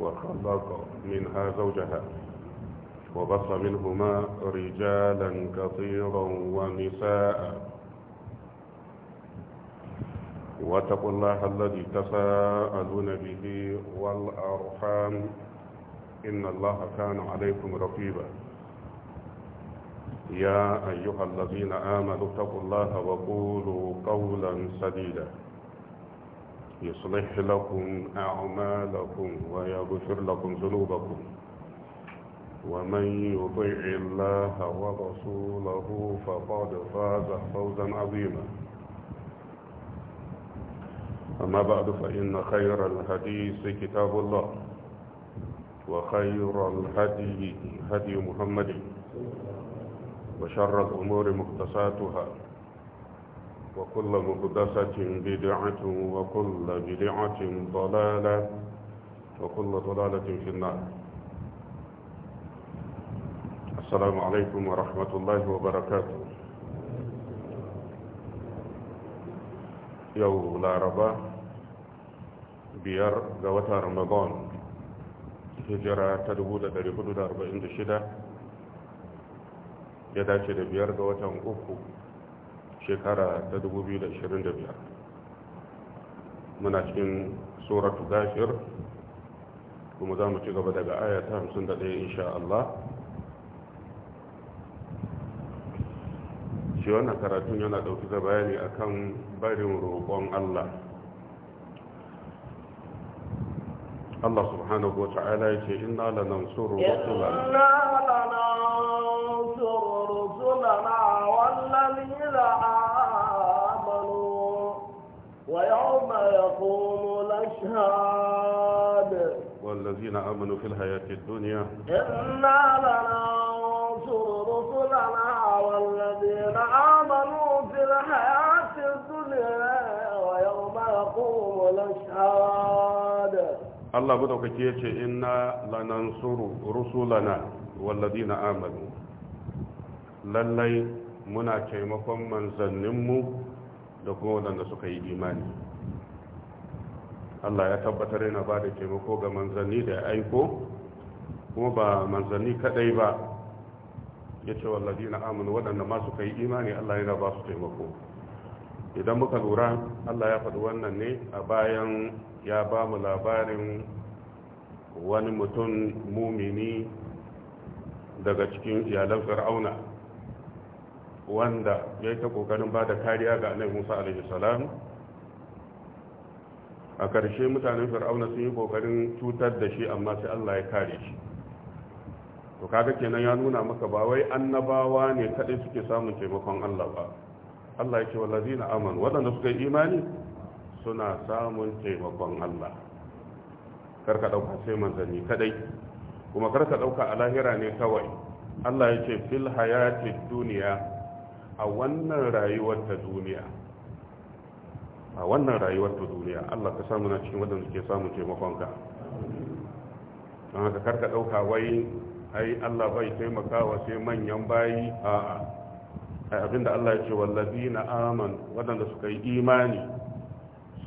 وخلق منها زوجها وبص منهما رجالا كثيرا ونساء واتقوا الله الذي تساءلون به والأرحام إن الله كان عليكم رقيبا يا أيها الذين آمنوا اتقوا الله وقولوا قولا سديدا يصلح لكم أعمالكم ويغفر لكم ذنوبكم ومن يطع الله ورسوله فقد فاز فوزا عظيما أما بعد فإن خير الحديث كتاب الله وخير الهدي هدي محمد وشر الأمور مختصاتها وكل مقدسة بدعة وكل بدعة ضلالة وكل ضلالة في النار السلام عليكم ورحمة الله وبركاته يوم ربا بيار قوتا رمضان هجرة تدبولة دريبودة أربعين دشدة يداشي بيار قوتا أخو shekara ta 2025 muna cikin tsoratu gashir kuma za mu ci gaba daga aya ta 51 insha Allah shi wannan karatun yana dauki da bayani akan barin roƙon Allah Allah subhanahu wa ta'ala ya ce inna lanansuru rusulana inna lanansuru rusulana الذين آمنوا ويوم يقوم الأشهاد والذين آمنوا في الحياة الدنيا إنا لننصر رسلنا والذين آمنوا في الحياة الدنيا ويوم يقوم الأشهاد الله بدو يجي إنا لننصر رسلنا والذين آمنوا lallai muna taimakon manzanninmu da kuma waɗanda suka yi imani Allah ya tabbatar yana ba da taimako ga manzanni da ya aiko kuma ba manzanni kadai ba ya ce wallazi na amina waɗanda ma suka yi imani Allah yana ba su taimako idan muka lura Allah ya faɗi wannan ne a bayan ya ba mu labarin wani mutum mumini daga cikin iyalan fir'auna wanda ya yi ta kokarin ba da kariya ga annabi musa alaihi salam a ƙarshe mutanen fir'auna sun yi kokarin cutar da shi amma sai allah ya kare shi to kaga kenan ya nuna maka ba wai annabawa ne kaɗai suke samun taimakon allah ba allah ya ce wallazi na aman waɗanda suka yi imani suna samun taimakon allah karka ɗauka sai manzanni kaɗai kuma karka ɗauka a lahira ne kawai Allah ya ce fil hayati duniya a wannan rayuwar ta duniya a wannan rayuwar ta duniya Allah ka samu na cikin wadanda ke samun taimakonka don haka karka ɗauka wai ai Allah bai taimakawa sai manyan bayi a abinda Allah ya ce wallazi na aman waɗanda suka yi imani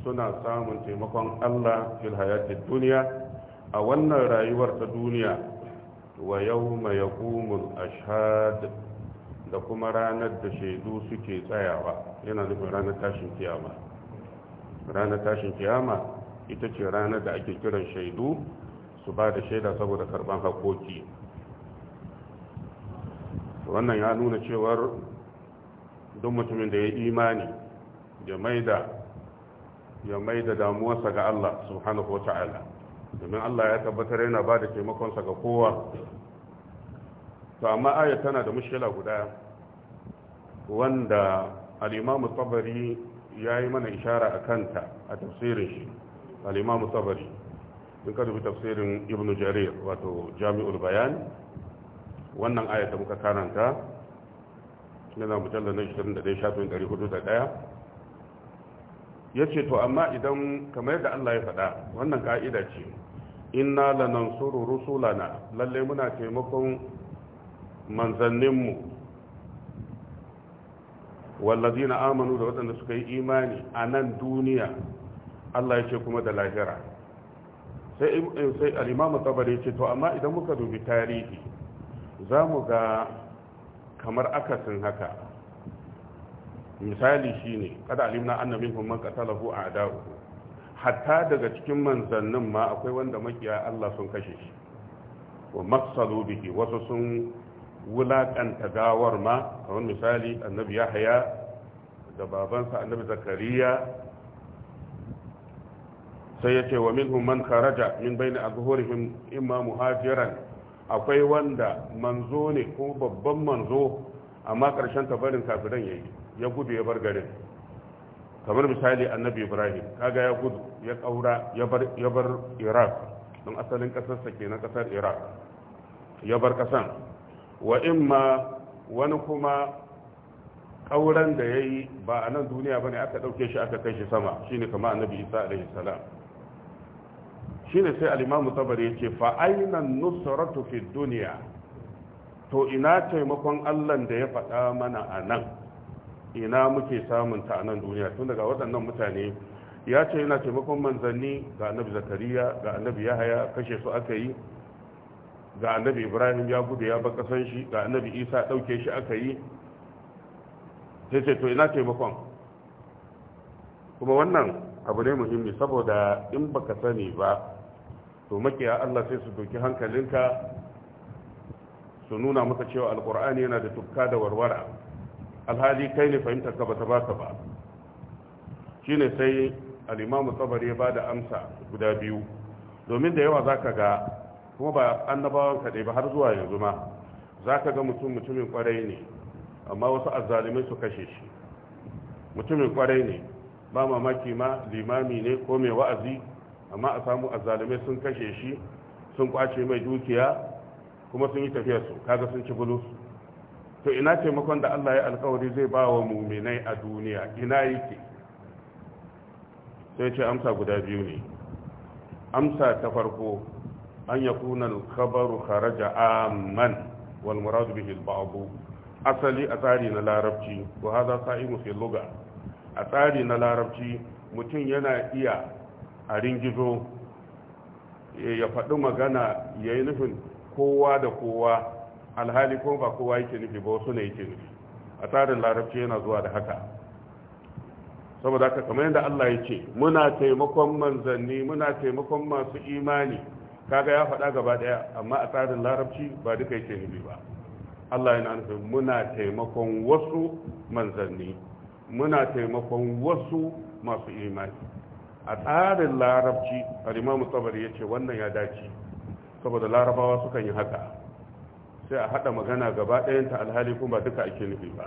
suna samun taimakon Allah fil hayatid duniya a wannan rayuwar ta duniya wa yawma yaqumul ashhad da kuma ranar da shaidu suke tsayawa yana nufin ranar tashin kiyama ranar tashin kiyama ita ce ranar da ake kiran shaidu su ba da shaida saboda karban hakoki wannan ya nuna cewar duk mutumin da ya imani ya maida ya damuwarsa ga Allah subhanahu wa ta'ala domin Allah ya tabbatar yana ba da taimakonsa ga kowa to amma aya tana da mushkila guda wanda al'imamu tsabari ya yi mana ishara a kanta a tafsirin shi al'imamu tsabari in ka dubi tafsirin ibn jarir wato jami'ul bayan wannan ayata muka karanta yana da na 21,401 ya ce to amma idan kamar yadda Allah ya faɗa wannan ka'ida ce inna lanansuru rusulana lalle muna taimakon manzanninmu na amanu da waɗanda suka yi imani a nan duniya Allah ya ce kuma da lahira sai eh, sai al ya tabari ce to amma idan muka dubi tarihi za mu ga kamar akasin haka misali shi ne kada alimna anna minhum man a a'da'u hatta daga cikin manzannin ma akwai wanda makiya Allah sun kashe shi wa maqsalu wasu sun wulaƙanta gawar ma kamar misali annabi yahaya da babansa annabi zakariya sai ya ce wa minhum man kharaja min bayni azhurihim imma muhajiran akwai wanda manzo ne ko babban manzo amma karshen barin kafiran yayi ya gudu ya bar garin kamar misali annabi ibrahim kaga ya gudu ya kaura ya bar ya bar iraq don asalin sa kenan kasar iraq ya bar kasan wa in ma wani kuma ƙauren da ya yi ba a nan duniya ba ne aka ɗauke shi aka kai shi sama shi ne kama annabi isa alaihi salam shi ne sai alimamu tabar ya ce fa'ainan nusratu fi duniya to ina taimakon allan da ya faɗa mana a nan ina muke samun ta a nan duniya tun daga waɗannan mutane ya ce yana taimakon manzanni ga annabi zakariya ga annabi yahaya kashe su aka yi ga annabi ibrahim ya gudu ya baka kasan shi ga annabi isa ɗauke shi aka yi sai ce to ina taimakon kuma wannan abu ne muhimmi saboda in baka sani ba to makiya allah sai su doki hankalinka su nuna maka cewa alkur'ani yana da tukka da warwara alhali kai ne fahimtar ka bata baka ba shine sai al'imamu tsabari ya ba da amsa guda biyu domin da yawa zaka ga kuma ba annabawan kaɗai ba har zuwa yanzu ma za ka ga mutum mutumin kwarai ne amma wasu azalimai su kashe shi mutumin kwarai ne ba mamaki ma limami ne ko mai wa'azi amma a samu azalimai sun kashe shi sun kwace mai dukiya kuma sun yi tafiya su kaga sun ci bulu to ina taimakon da Allah ya alkawari zai ba wa muminai a duniya ina yake sai ce amsa guda biyu ne amsa ta farko an ya al-khabaru kharaja amman wal murad bihi al-ba'd asali a tsari na larabci wa hadha sa'imu fi luga. a tsari na larabci mutum yana iya a ringizo ya faɗi magana ya yi nufin kowa da kowa alhali ko ba kowa yake nufi ba wasu ne yake nufi a tsarin larabci yana zuwa da haka saboda haka kamar yadda Allah ya ce muna taimakon manzanni muna taimakon masu imani kaga ya faɗa gaba ɗaya amma a tsarin larabci ba duka yake nufi ba Allah yana nufin muna taimakon wasu manzanni muna taimakon wasu masu imani a tsarin larabci alimamu tsabari ya ce wannan ya dace saboda larabawa sukan yi haka sai a haɗa magana gaba ɗayanta alhali kuma duka ake nufi ba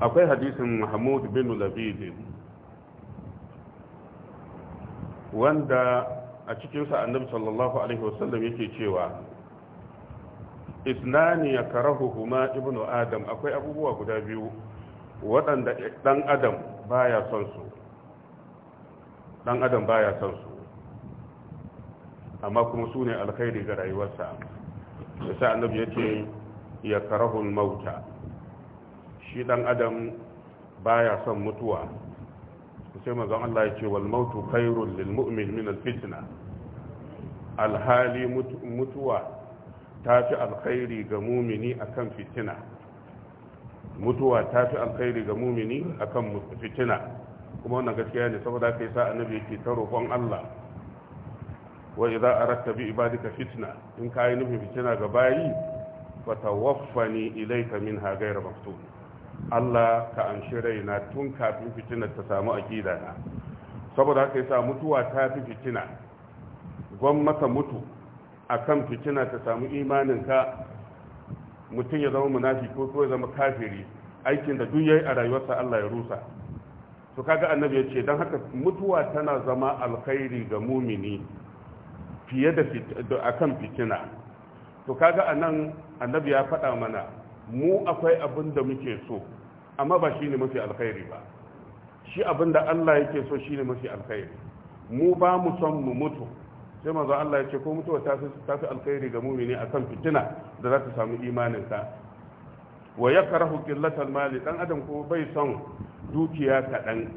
akwai hadisin mahmud bin labidin wanda a cikinsa annabi sallallahu alaihi wasallam yake cewa isnani ya huma ibnu adam akwai abubuwa guda biyu waɗanda ɗan adam baya son su ɗan adam baya son su amma kuma sune ne alkhairi ga rayuwarsa yasa annabi yake ya karahul mauta shi ɗan adam baya son mutuwa sai manzon Allah ya ce wal mautu lil mu'min min al fitna alhali mutuwa ta fi alkhairi ga mumini akan fitina mutuwa ta fi alkhairi ga mumini akan fitina kuma wannan gaskiya ne saboda kai sa annabi yake ta roƙon Allah wa idza aradta bi ibadika fitna in kai nufin fitina ga bayi fatawaffani tawaffani ilayka minha ghayra maftun Allah ka amshi raina tun kafin fitinar ta samu aƙida na saboda haka yasa mutuwa ta fi fitina gwamnaka mutu akan fitina ta samu imanin ka mutum ya zama munafi ko ya zama kafiri aikin da duk yayi a rayuwarsa Allah ya rusa to kaga annabi ya ce don haka mutuwa tana zama alkhairi ga mumini fiye da akan fitina to kaga anan annabi ya faɗa mana mu akwai abin da muke so amma ba shi ne mafi alkhairi ba shi abin da Allah yake so shi ne mafi alkhairi mu ba mu son mu mutu sai manzo Allah ya ce ko mutuwa ta fi alkhairi ga mumini akan fitina da za ta samu imanin sa wa yakrahu qillatal mali dan adam ko bai son dukiya kaɗan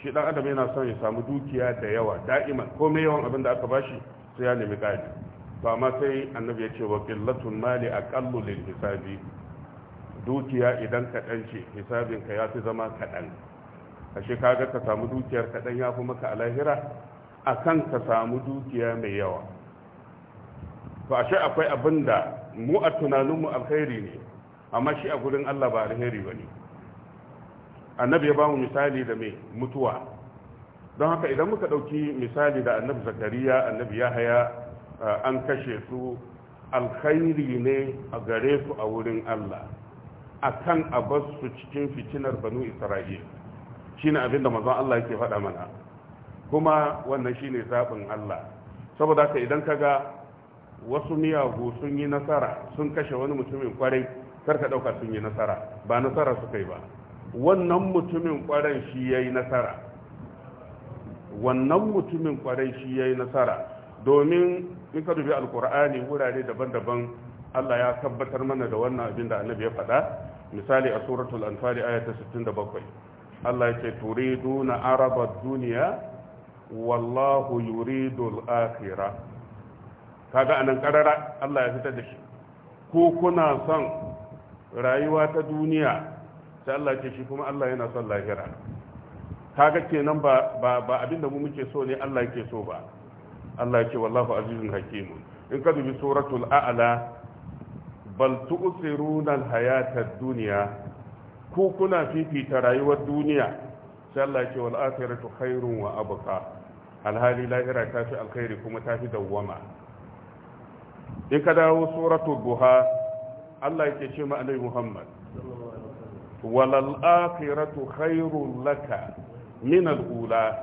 shi dan adam yana son ya samu dukiya da yawa da'ima mai yawan abin da aka bashi sai ya nemi ƙari ba ma sai annabi ya ce wa killatun mali aqallu lil hisabi dukiya idan kaɗan ce hisabinka ya fi zama kaɗan ashe kaga ka samu dukiyar kaɗan ya fi maka alahira lahira a kan ka samu dukiya mai yawa to ashe akwai abin da mu a tunaninmu alkhairi ne amma shi a gurin allah ba alheri ba ne annabi ya ba mu misali da mai mutuwa don haka idan muka ɗauki misali da annabi zakariya annabi yahaya eh, an kashe su alkhairi ne a gare su a wurin allah akan a bar su cikin fitinar banu isra'il shine abin da manzon Allah yake faɗa mana kuma wannan shine zaɓin Allah saboda haka idan ka ga wasu miyagu sun yi nasara sun kashe wani mutumin kwarai karka dauka sun yi nasara ba nasara su kai ba wannan mutumin kwarai shi ya yi nasara wannan mutumin kwarai shi ya yi nasara domin in ka dubi alkur'ani wurare daban-daban Allah ya tabbatar mana da wannan abin da annabi ya faɗa misali a suratul anfali aya ta 67 Allah yake na araba duniya wallahu al akhirah kaga anan karara Allah ya fitar da shi ko kuna son rayuwa ta duniya sai Allah ce shi kuma Allah yana son lahira kaga kenan ba ba ba abinda mu muke so ne Allah yake so ba Allah yake wallahu azizun hakimun in ka dubi suratul a'la bal tu'thiruna al-hayata dunya ku kuna fifita rayuwar duniya sai Allah ce wal akhiratu khairun wa abqa alhali lahira ta fi alkhairi kuma ta fi dawwama in ka dawo suratu duha Allah yake ce ma annabi Muhammad walal akhiratu khairun laka min al-ula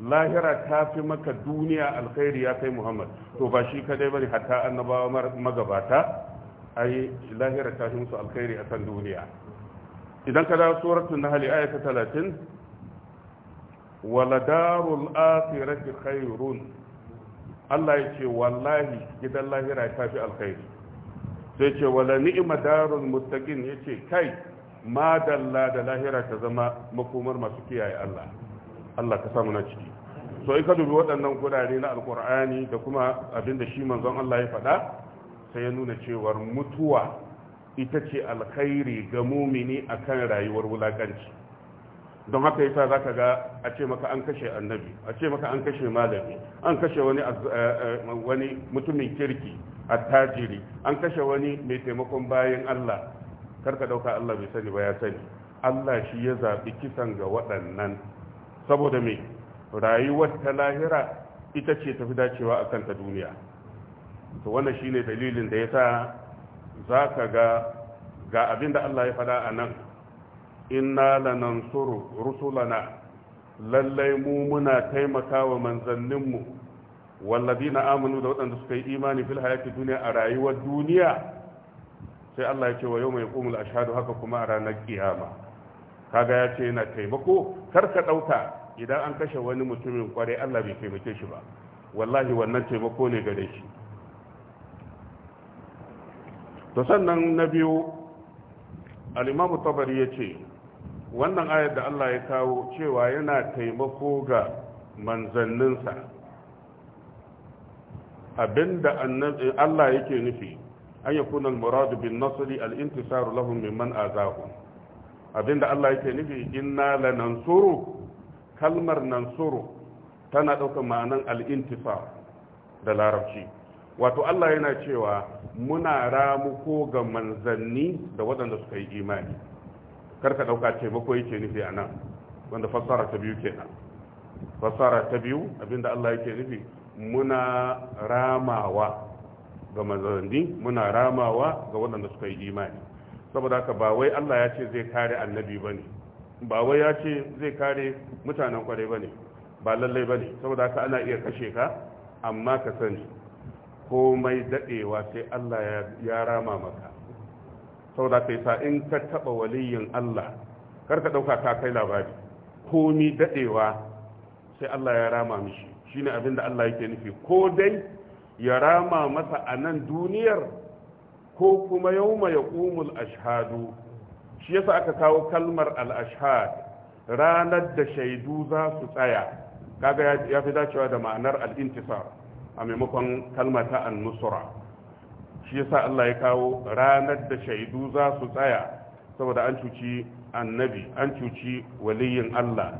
lahira ta fi maka duniya alkhairi ya kai Muhammad to ba shi kadai bane hatta annabawa magabata ai lahira ta musu alkhairi a kan duniya idan ka dawo suratul nahl ayata talatin, wala darul akhirati khairun Allah ya ce wallahi gidan lahira ta fi alkhairi sai ce wala ni'ma darul muttaqin yace kai ma dalla da lahira ta zama makomar masu kiyaye Allah Allah ka samu na ciki so in ka dubi waɗannan gurare na alkur'ani da kuma abinda shi manzon Allah ya faɗa sai ya nuna cewar mutuwa ita ce alkhairi ga mumini kan rayuwar wulakanci don haka yasa ka ga a ce maka an kashe annabi a ce maka an kashe malami an kashe wani eh, eh, mutumin kirki a tajiri an kashe wani mai taimakon bayan Allah karka dauka Allah bai sani ba ya sani Allah shi ya zaɓi kisan ga waɗannan saboda mai rayuwar ta lahira ita ce tafi dacewa a kanta duniya to wannan shine dalilin da ya yasa zaka ga ga abin da Allah ya faɗa a nan inna lanansuru rusulana lallai mu muna taimakawa manzanninmu walladina amanu da waɗanda suka yi imani fil hayati duniya a rayuwar duniya sai Allah ya ce wa yau mai kumul ashadu haka kuma a ranar kiyama kaga ya ce yana taimako kar ka ɗauka idan an kashe wani mutumin kwarai Allah bai taimake shi ba wallahi wannan taimako ne gare shi to sannan na biyu al'imamu tabari ya ce wannan ayar da Allah ya kawo cewa yana taimako ga manzanninsa abinda Allah yake nufi an yi kunan muradu bin nasiri al'intisaru lahun mimman abin abinda Allah yake nufi inna la nansuru kalmar nansuru tana ɗauka ma'anan al'intisar da larabci wato Allah yana cewa muna ramuko ga manzanni da waɗanda suka yi imani karka ɗauka taimako yake nufi a nan wanda fassara ta biyu kenan fassara ta biyu abinda Allah yake nufi muna ramawa ga manzanni muna ramawa ga waɗanda suka yi imani saboda haka ba wai Allah ya ce zai kare annabi bane ba wai ya ce zai kare mutanen kwarai bane ba lallai bane saboda haka ana iya kashe ka amma ka sani komai daɗewa sai Allah ya rama maka saboda sai sa in ka taba waliyin Allah kar ka dauka ka kai labari komi daɗewa sai Allah ya rama mishi shine abin da Allah yake nufi ko dai ya rama masa a nan duniyar ko kuma yawma yaqumul ashhadu shi yasa aka kawo kalmar al-ashhad ranar da shaidu za su tsaya kaga ya fi dacewa da ma'anar al-intisar a maimakon kalma ta annusura shi yasa Allah ya kawo ranar da shaidu za su tsaya saboda an cuci annabi an cuci waliyin Allah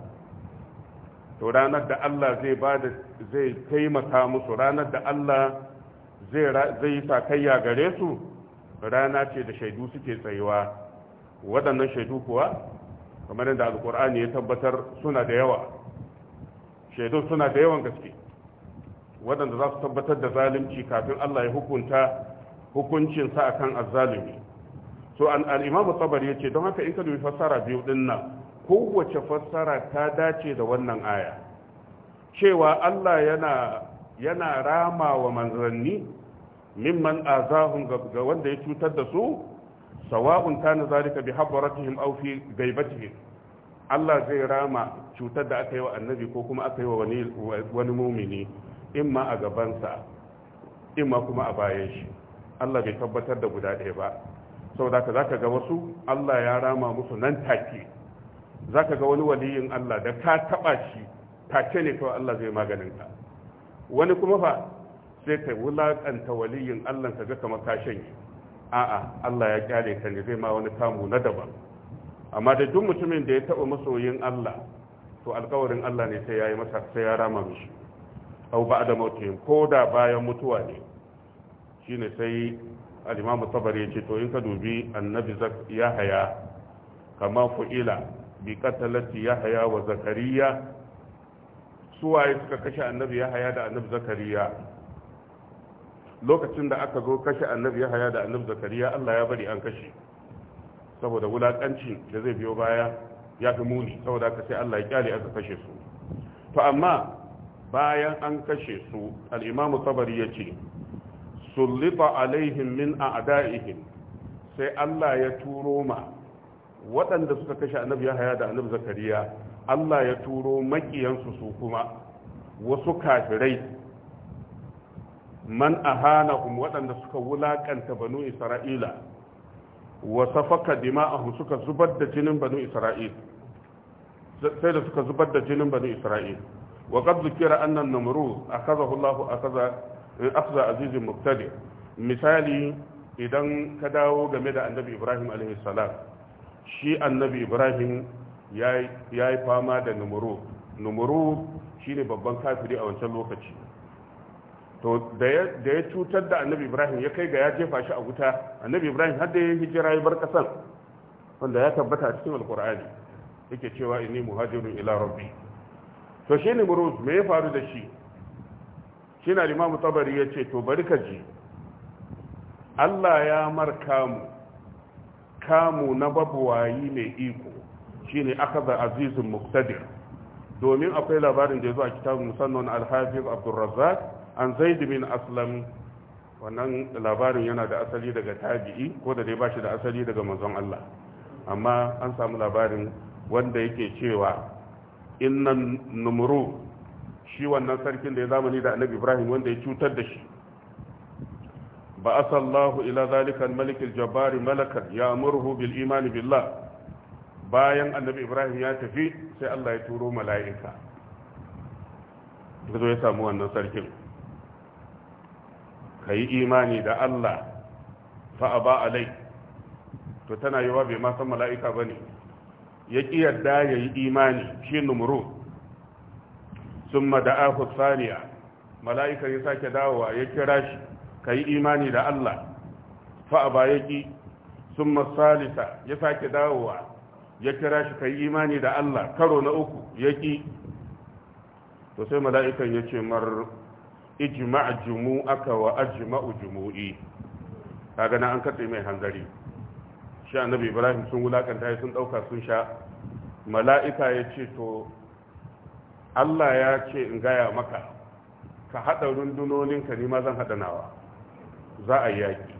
to ranar da Allah zai ba da zai taimaka musu ranar da Allah zai yi kayya gare su rana ce da shaidu suke tsayuwa waɗannan shaidu kuwa kamar yadda alkur'ani ya tabbatar suna da yawa shaidu suna da yawan gaske waɗanda za su tabbatar da zalunci kafin Allah ya hukunta hukuncinsa a kan azzalumi to an al-imam tabari yace don haka in ka dubi fassara biyu din nan kowace fassara ta dace da wannan aya cewa Allah yana yana rama wa manzanni mimman azahum ga wanda ya cutar da su sawa'un kana zalika bi habratihim aw fi gaibatihim Allah zai rama cutar da aka yi wa annabi ko kuma aka yi wa wani wani mumini imma a gabansa imma kuma a bayan shi Allah bai tabbatar da guda ɗaya ba saboda ka zaka ga wasu Allah ya rama musu nan take zaka ga wani waliyin Allah da ka taba shi take ne kawai Allah zai maganin ka wani kuma ba sai ka wulakanta waliyin Allah ka ga kamar ka shanye a'a Allah ya kyale ka ne zai ma wani kamu na daban amma da duk mutumin da ya taba masoyin Allah to alkawarin Allah ne sai ya yi masa sai ya rama mishi au ba'da mautihim ko da bayan mutuwa ne shi ne sai al-imamu ya ce to in ka dubi annabi zak yahya kama fu'ila bi qatalati yahya wa zakariya suwaye suka kashe annabi yahya da annabi zakariya lokacin da aka zo kashe annabi yahya da annabi zakariya Allah ya bari an kashe saboda wulakanci da zai biyo baya ya fi muni saboda aka sai Allah ya kyale aka kashe su to amma bayan an kashe su al'imamu sabari ya ce sullifa alaihim min a ada'ihim sai Allah ya turo ma waɗanda suka kashe annabi Yahaya da annabi Zakariya Allah ya turo makiyansu su kuma wasu kafirai man a hana waɗanda suka wulaƙanta banu Isra'ila wa safaka dima'ahum suka zubar da jinin banu Isra'il sai da suka zubar da jinin banu Isra'il وقد ذكر أن النمروز أخذه الله أخذ عزيز مقتدر مثالي idan ka dawo game da annabi ibrahim شيء shi annabi ibrahim ya yi fama da numuru numuru shine babban kafiri a wancan lokaci to da ya cutar da annabi ibrahim ya kai ga ya jefa shi a wuta annabi ibrahim har da ya hijira ya bar kasar wanda ya tabbata a cikin alkur'ani yake cewa inni muhajirun ila rabbi to shi ne muruz me ya faru da shi shi na limamu tabari ya ce to bari ka ji allah ya mar kamu kamu na babuwayi mai iko shi ne aka za muktadir domin akwai labarin da ya zo a kitabun musamman alhafiz abdulrazak an zaidu min aslam wannan labarin yana da asali daga tabi'i ko da dai ba shi da asali daga manzon allah amma an samu labarin wanda yake cewa Inna numru shi wannan sarkin da ya zamani da annabi ibrahim wanda ya cutar da shi ba asallahu ila zalikan al jabari malakan ya murhu bil imani billah bayan annabi ibrahim ya tafi sai Allah ya turo mala'ika zo ya samu wannan sarkin yi imani da Allah fa ba alai to tana yawa bai masan mala'ika mala'ika bane ya ƙi yadda ya yi imani shi numru sun mada'a saniya mala'ika ya sake dawowa ya kira shi ka yi imani da Allah fa'aba ya ƙi sun masalisa ya sake dawowa ya kira shi ka yi imani da Allah karo na uku ya ƙi to sai mala'ikan ya ce mar ijima' jumu'aka wa ajima'u jumu'i kaga na an katse mai hangari. shi annabi ibrahim sun wulakanta ya sun ɗauka sun sha mala'ika ya ce to allah ya ce in gaya maka ka haɗa rundunoninka ni ma zan haɗa nawa za a yaƙi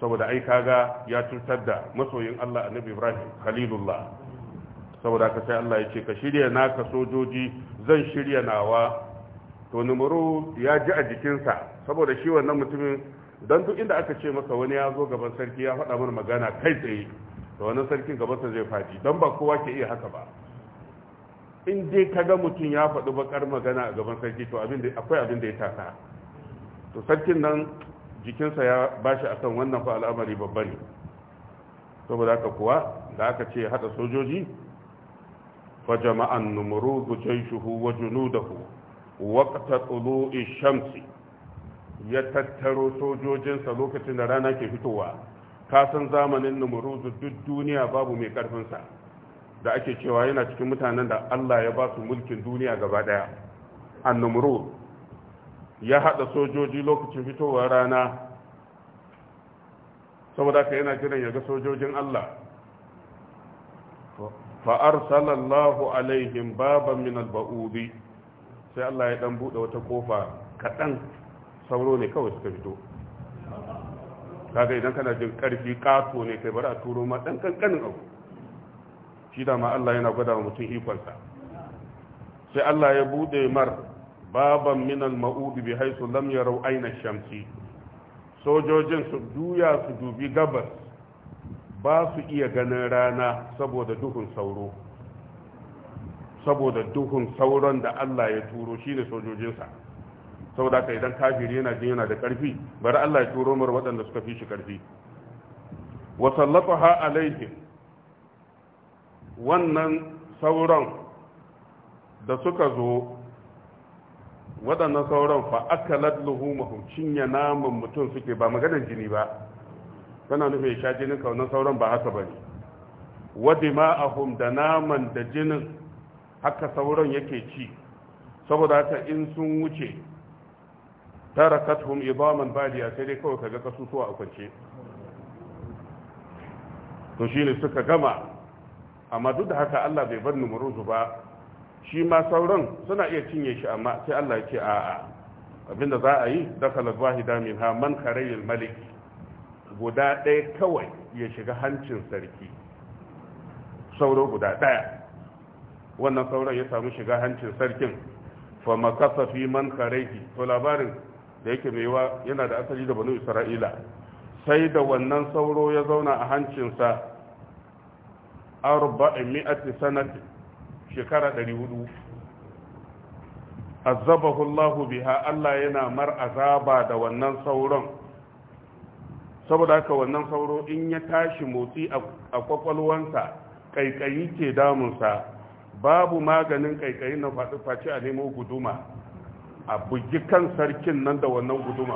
saboda ai kaga ya cutar da masoyin allah annabi ibrahim khalilullah saboda ka sai allah ya ce ka shirya naka sojoji zan shirya nawa to numuru ya ji a jikinsa saboda shi wannan mutumin don duk inda aka ce maka wani ya zo gaban sarki ya faɗa mana magana kai tsaye da wani sarkin gabansa zai faɗi don ba kowa ke iya haka ba in dai ka ga mutum ya faɗi bakar magana a gaban sarki to akwai abin da ya tasa. to sarkin nan jikinsa ya bashi a akan wannan fa al'amari babba ne saboda haka kuwa da aka ce haɗa sojoji fa jama'an numuru jayshuhu wa junudahu waqta tulu'i shamsi ya tattaro sojojinsa lokacin da rana ke fitowa kasan zamanin numuruzu duk duniya babu mai karfinsa da ake cewa yana cikin mutanen da Allah ya ba su mulkin duniya gaba daya annumuru ya haɗa sojoji lokacin fitowar rana saboda ka yana jiran ya ga sojojin Allah فأرسل sallallahu عليهم baban من البؤوب sai Allah ya ɗan buɗe wata ƙofa kaɗan. sauro ne kawai suka fito kaga idan kana jin karfi kato ne kai bari a turo ma dan kankanin abu shi da ma Allah yana gwada wa mutum ikonsa sai Allah ya bude mar baban al ma'ud bi haisu lam yaraw aina shamsi sojojin su duya su dubi gabas ba su iya ganin rana saboda duhun sauro saboda duhun sauron da Allah ya turo shine sojojinsa saboda ka idan kafiri yana jin yana da ƙarfi bari Allah ya turo mar waɗanda suka fi shi ƙarfi wa sallataha alayhi wannan sauran da suka zo waɗannan sauran fa akalat luhumahum cinya naman mutum suke ba maganar jini ba kana nufin ya sha jinin kaunan sauran ba haka bane wa dima'ahum da naman da jinin haka sauran yake ci saboda haka in sun wuce tarakathum idaman baliya sai dai kawai kaga kasusuwa a kwance to shine suka gama amma duk da haka Allah bai bar numuruzu ba shi ma sauran suna iya cinye shi amma sai Allah ya ce a'a abinda za a yi dakal wahida ha man kharayil malik guda ɗaya kawai ya shiga hancin sarki sauro guda ɗaya wannan sauran ya samu shiga hancin sarkin fa makasa fi man kharayhi to labarin da yake mai wa yana da asali da banu isra'ila sai da wannan sauro ya zauna a hancinsa arba'in mi'ati shekara 400 azabahu Allah biha Allah yana mar azaba da wannan sauron saboda haka wannan sauro in ya tashi motsi a kwakwalwansa kaikayi ke damunsa babu maganin kaikayi na faɗi face a nemo guduma a bugi kan sarkin nan da wannan guduma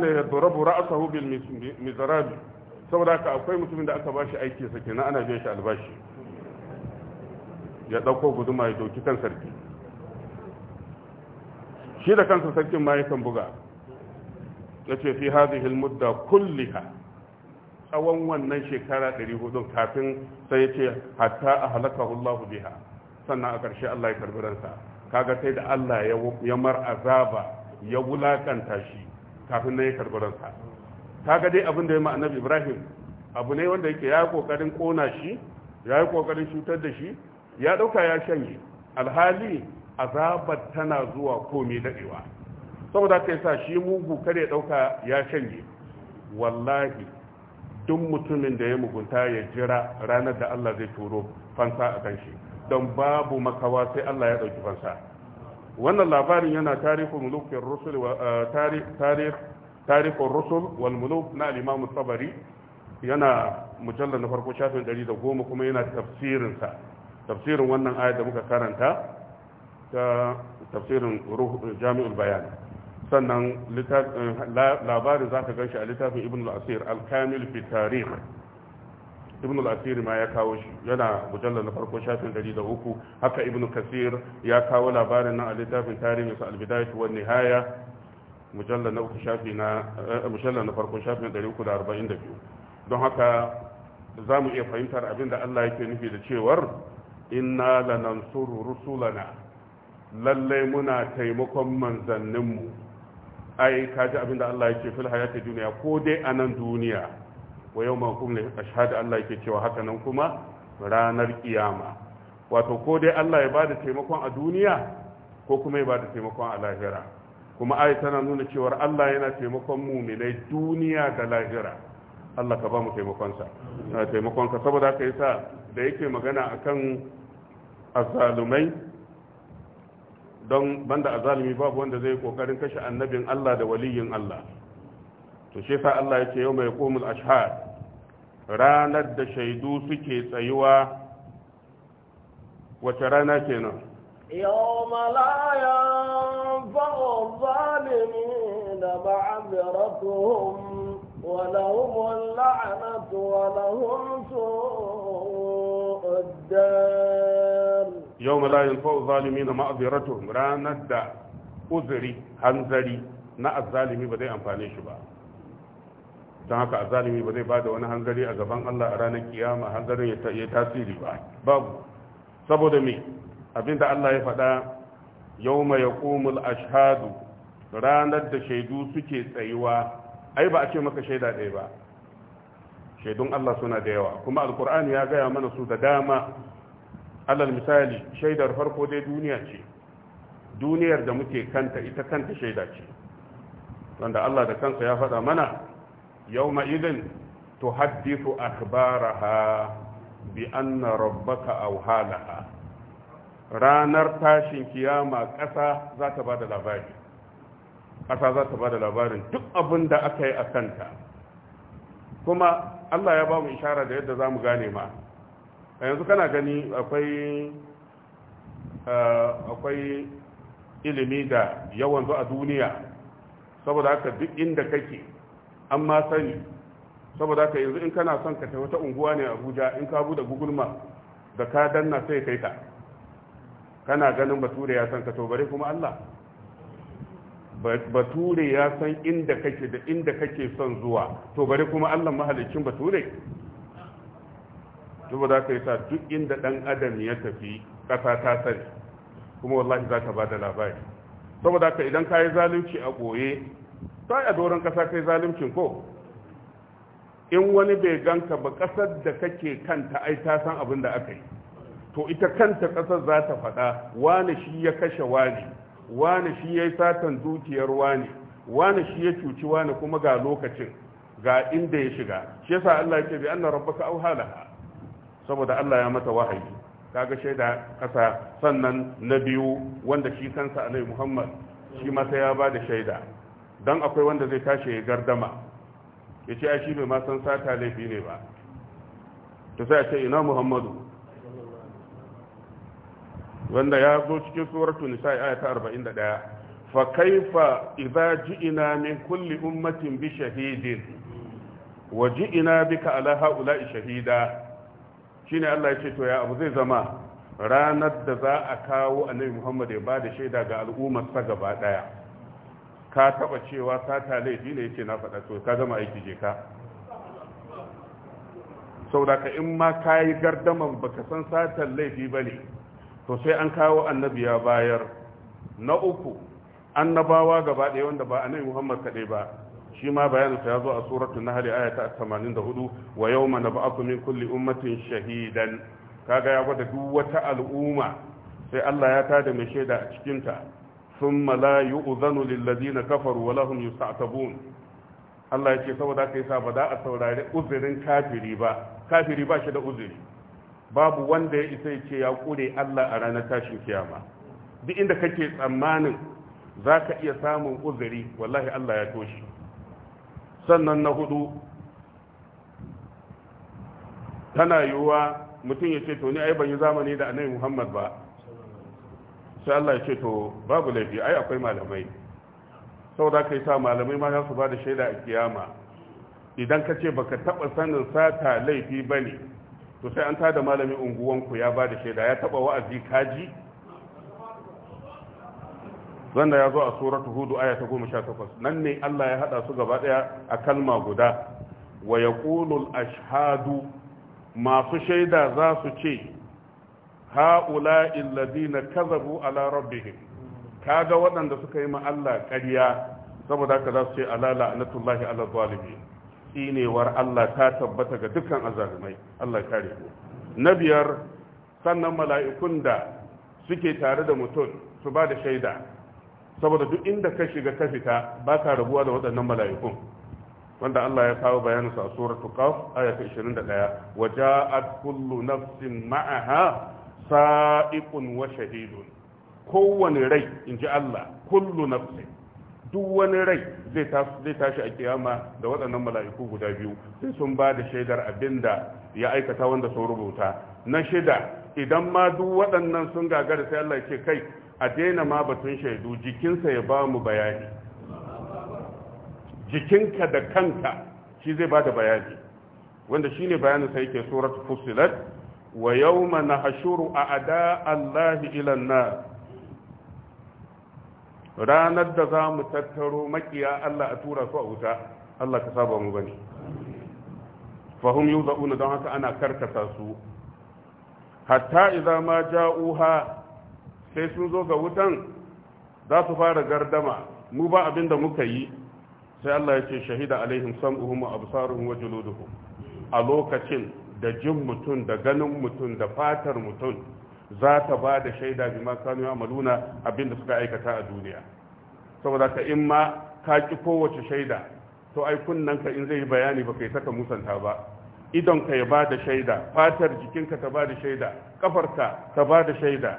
ne ya durabu ra'asa bil mizrabi saboda ka akwai mutumin da aka bashi aiki sake na ana biyan shi albashi ya dauko guduma ya doki kan sarki shi da kansa sarkin ma yakan buga ce fi hadhihi al mudda kulliha tsawon wannan shekara 400 kafin sai yace hatta ahlakahu Allah biha sannan a ƙarshe Allah ya karbi ransa kaga sai da Allah ya mar azaba ya wulakanta shi kafin nan ya karbi ransa kaga dai abin da ya ma annabi Ibrahim abu ne wanda yake ya yi kokarin kona shi ya yi kokarin cutar da shi ya dauka ya shanye alhali azabar tana zuwa komai dadewa saboda kai sa shi mugu kar ya dauka ya shanye wallahi duk mutumin da ya mugunta ya jira ranar da Allah zai turo fansa a kan shi don babu makawa sai Allah ya ɗauki fansa wannan labarin yana tarihin mulukin rusul eh, tarihin rusul wal muluk na al tabari yana mujallar na farko shafin 110 kuma yana tafsirinsa tafsirin wannan ayat da muka karanta ta tafsirin jami'ul bayan sannan eh, labarin za ka gan shi a littafin ibn al-asir al-kamil fi Tarihi. ibn al-asir ma ya kawo shi yana mujallar na farko shafin 103 haka ibn kasir ya kawo labarin nan a littafin tarihin sa al-bidayah wa nihaya mujallar na uku shafi na eh, mujallar na farko shafin 342 don haka za mu iya fahimtar abin da Allah yake nufi da cewar inna lanansuru rusulana lallai muna taimakon manzanninmu ai kaji abin da Allah yake fil hayati duniya ko dai a nan duniya wa yau makum ne ashhadu Allah yake cewa haka nan kuma ranar kiyama wato ko dai Allah ya bada taimakon a duniya ko kuma ya bada taimakon a lahira kuma ayi tana nuna cewa Allah yana taimakon muminai duniya da lahira Allah ka ba mu taimakon taimakon ka saboda haka yasa da yake magana akan azalumai don banda azzalumi babu wanda zai kokarin kashe annabin Allah da waliyin Allah to shi Allah yace yau mai komul ashhad ranar da shaidu suke tsayuwa wace rana ke yau malaya fa'on zalimi da ma'amiratuhun walahumun la'anatu walahun su uddar yau malayin fa'on zalimi na ma'amiratuhun ranar da uzuri hanzari na azalimi ba zai amfane shi ba don haka azalimi ba zai ba da wani hangari a gaban Allah a ranar kiyama hangarin ya tasiri ba babu saboda me abinda Allah ya faɗa yawma yaqumul ashadu, ranar da shaidu suke tsayuwa ai ba a ce maka shaida ɗaya ba shaidun Allah suna da yawa kuma alkur'ani ya gaya mana su da dama alal misali shaidar farko dai duniya ce duniyar da muke kanta ita kanta shaida ce wanda Allah da kansa ya faɗa mana yauma idin tuhaddithu akhbaraha bi anna rabbaka awhalaha ranar tashin kiyama ƙasa za ta ba da labari ƙasa za ta ba da labarin duk abin da aka yi a kanta kuma allah ya ba mu ishara da yadda za mu gane ma a yanzu kana gani akwai akwai ilimi da yawan a duniya saboda haka duk inda kake an ma sani saboda ka yanzu in kana son ka tafi wata unguwa ne abuja in ka bude google map da ka danna sai kai ka kana ganin bature ya san ka to bare kuma allah bature ya san inda kake da inda kake son zuwa to bare kuma allah mahalicin bature saboda ka yi sa duk inda dan adam ya tafi ƙasa ta sani kuma wallahi za ka ba da labari saboda ka idan ka yi zalunci a ɓoye sai a doron ƙasa kai zalimcin ko in wani bai ganka ba ƙasar da kake kanta ai ta san abin da aka yi to ita kanta ƙasar za ta faɗa wani shi ya kashe wani wani shi ya yi satan dukiyar wani wani shi ya cuci wani kuma ga lokacin ga inda ya shiga shi yasa Allah yake bi anna rabbaka awhalaha saboda Allah ya mata wahayi kaga shaida kasa sannan na biyu wanda shi kansa Alai Muhammad shi ma sai ya bada shaida don akwai wanda zai tashi ya gardama ya ce ai shi bai masan sata laifi ne ba ta sai a ce ina muhammadu wanda ya zo cikin suratu nisa aya ta 41 fa kaifa ji ji'ina min kulli ummatin bi shahidin wa ji'ina bika ala haula'i shahida shine Allah ya ce to ya abu zai zama ranar da za a kawo annabi Muhammad ya bada shaida ga al'ummar sa gaba daya ka taba cewa sata laifi ne yake na faɗa to ka gama aiki je ka saboda in ma ka yi gardaman baka san satan laifi ba ne to sai an kawo annabi ya bayar na uku annabawa gaba ɗaya wanda ba annabi muhammad kaɗai ba shi ma bayaninsa ya zo a suratul nahl aya da 84 wa yawma nab'athu min kulli ummatin shahidan kaga ya gwada duk wata al'umma sai Allah ya tada mai shaida a cikinta. ثم لا يؤذن للذين Allah ya ce saboda haka yasa ba za a saurari uzirin kafiri ba kafiri ba shi da uziri. babu wanda ya isa ce ya kure Allah a ranar tashin kiyama duk inda kake tsammanin za ka iya samun uziri, wallahi Allah ya toshi sannan na hudu tana yiwuwa mutum ya ce to ni ai ban yi zamani da annabi Muhammad ba sai Allah ya ce to babu laifi ai akwai malamai saboda kai sa malamai ma za su ba da shaida a kiyama idan ka ce baka taba sanin sata laifi bane to sai an tada malamin unguwanku ya ba da shaida ya taba wa'azi kaji wanda ya zo a suratu hudu aya ta goma sha takwas nan ne Allah ya haɗa su gaba ɗaya a kalma guda wa ya ashhadu masu shaida za su ce ha'ula illazina kazabu ala ka ga waɗanda suka yi ma Allah ƙarya saboda haka za su ce ala la'natullahi ala zalimi tsinewar Allah ta tabbata ga dukkan azalimai Allah kare mu na biyar sannan mala'ikun da suke tare da mutum su ba da shaida saboda duk inda ka shiga ka fita ba ka rabuwa da waɗannan mala'ikun wanda Allah ya kawo bayanin sa a suratul qaf aya 21 wa kullu nafsin ma'aha sa’iƙun wa shahidun kowane rai in ji Allah kullu nafsin duk wani rai zai tashi a kiyama da waɗannan mala'iku guda biyu sai sun ba da shaidar abin da ya aikata wanda sun rubuta na shida idan ma duk waɗannan sun gagara sai Allah ce kai a daina ma batun shaidu jikinsa ya ba mu bayani jikinka da kanka shi zai ba da bayani wanda shine bayanin sai yake suratul fussilat wa yawma nahshuru a'da Allahi ila ranar da za mu tattaro makiya Allah a tura su a wuta Allah ka saba mu bane fahum yuzauna don haka ana karkata su hatta idza ma ja'uha sai sun zo ga wutan za su fara gardama mu ba abin da muka yi sai Allah ya ce shahida alaihim sam'uhum wa absaruhum wa juluduhum a lokacin da jin mutum da ganin mutum da fatar mutum za ta ba da shaida bi ma kanu ya maluna abinda suka aikata a duniya saboda ka in ma ka ki kowace shaida to ai kunnan ka in zai bayani ba kai saka musanta ba idon ka ya ba da shaida fatar jikinka ta ba da shaida kafarka ta ba da shaida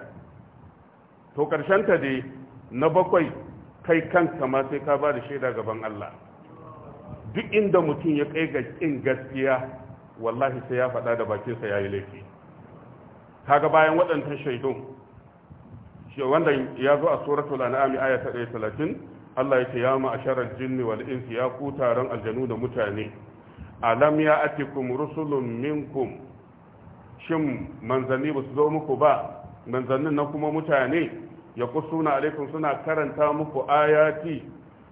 to karshen ta dai na bakwai kai kanka ma sai ka ba da shaida gaban Allah duk inda mutum ya kai ga kin gaskiya wallahi sai ya faɗa da bakinsa ya yi laifi kaga bayan waɗannan shaidun wanda ya zo a suratul an'ami aya ta talatin. Allah ya ce ya ma'asharal jinni wal insi ya ku taron aljanu da mutane alam ya atikum rusulun minkum shin manzanni ba su zo muku ba manzannin na kuma mutane ya kusuna alaikum suna karanta muku ayati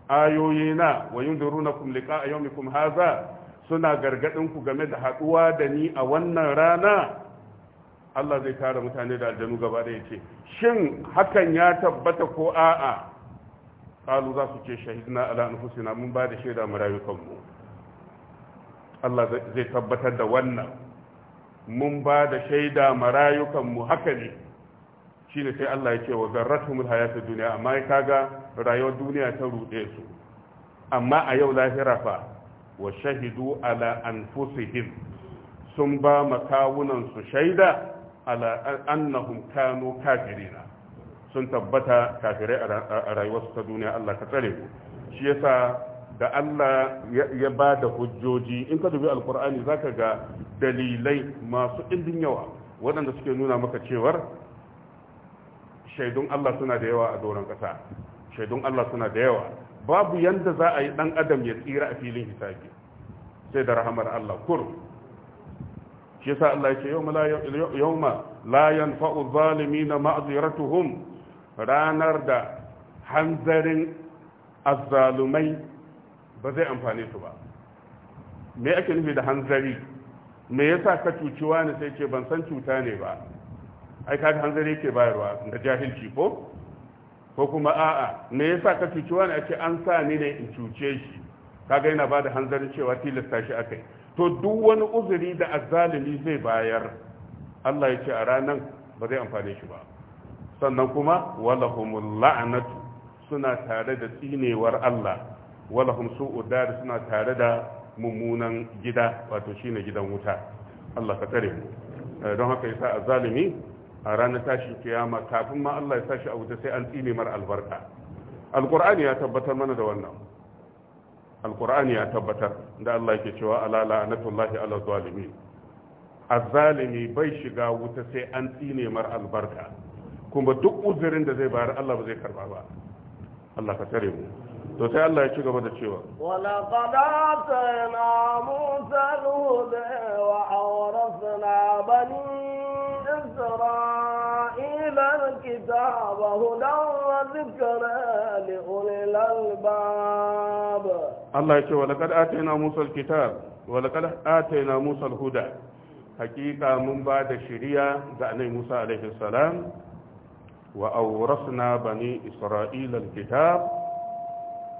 ayoyina wa yunzirunakum liqa'a yawmikum hadha suna gargadin ku game da haduwa da ni a wannan rana Allah zai tara mutane da aljanu gaba da yace shin hakan ya tabbata ko a'a qalu za su ce shahidna ala anfusina mun ba da shaida mu Allah zai tabbatar da wannan mun ba da shaida marayukan mu haka ne shine sai Allah ya ce wa garratumul hayatud dunya amma kaga rayuwar duniya ta ruɗe su amma a yau lahira fa wa shahidu ala anfusihim sun ba makawunan su shaida ala annahum kanu kafirina sun tabbata kafirai a rayuwarsu ta duniya Allah ka tsare ku shi yasa da Allah ya ba da hujjoji in ka dubi alkur'ani zaka ga dalilai masu ɗimbin yawa waɗanda suke nuna maka cewar shaidun Allah suna da yawa a doron ƙasa shaidun Allah suna da yawa babu yanda za a yi dan adam ya tsira a filin hisabi sai da rahamar Allah kur. shi yasa Allah yake yawma la yawma la yanfa'u zalimina ma'ziratuhum ranar da hanzarin azzalumai ba zai amfane su ba me ake nufi da hanzari me yasa ka cuci wani sai ce ban san cuta ne ba ai ka hanzari yake bayarwa da jahilci ko ko kuma a'a me yasa ka cuci wani a ce an sa ni ne in cuce shi ka kaga yana bada hanzarin cewa tilasta shi akai to duk wani uzuri da azalimi zai bayar Allah ya ce a ranan ba zai amfane shi ba sannan kuma walahumul la'natu suna tare da tsinewar Allah walahum su'u dar suna tare da mummunan gida wato shine gidan wuta Allah ka tare mu eh, don haka yasa azalimi a ranar tashin kiyama kafin ma Allah ya tashi a wuta sai an tsine mar albarka alqur'ani ya tabbatar mana da wannan alqur'ani ya tabbatar da Allah ke cewa ala la'natullahi ala zalimin azzalimi bai shiga wuta sai an tsine mar albarka kuma duk uzurin da zai bayar Allah ba zai karba ba Allah ka tare mu to sai Allah ya ci gaba da cewa wala qadata na musa wa awrasna bani إسرائيل الكتاب هدى وذكرى لأولي الألباب الله يقول ولقد آتينا موسى الكتاب ولقد آتينا موسى الهدى حقيقة من بعد الشريعة دعني موسى عليه السلام وأورثنا بني إسرائيل الكتاب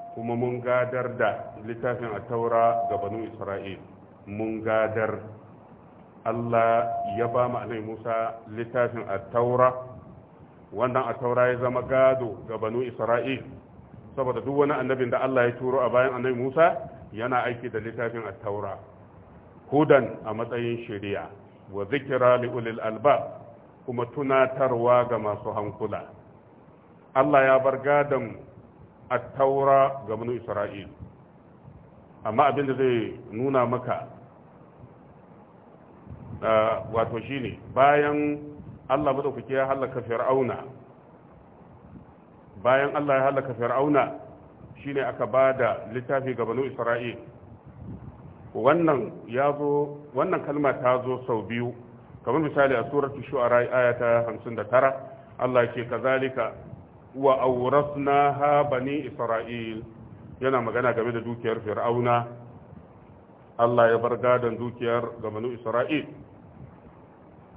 kuma mun gadar da littafin a taura ga banu isra'il mun gadar Allah ya ba mu annabi Musa littafin a taura wannan a taura ya zama gado ga banu Isra'il saboda duk wani annabin da Allah ya turo a bayan annabi Musa yana aiki da littafin a taura hudan a matsayin shari'a wa zikira li albab kuma tunatarwa ga masu hankula Allah ya bar gadon a taura ga banu Isra'il amma abin da zai nuna maka wato shi ne bayan Allah ya hallaka fir'auna bayan Allah ya hallaka fir'auna shi ne aka ba da littafi ga banu Isra'il wannan ya zo wannan kalma ta zo sau biyu kamar misali a suratul shu'ara hamsin da tara Allah yake kazalika wa ha bani Isra'il yana magana game da dukiyar fir'auna Allah ya bar gadon dukiyar ga Isra'il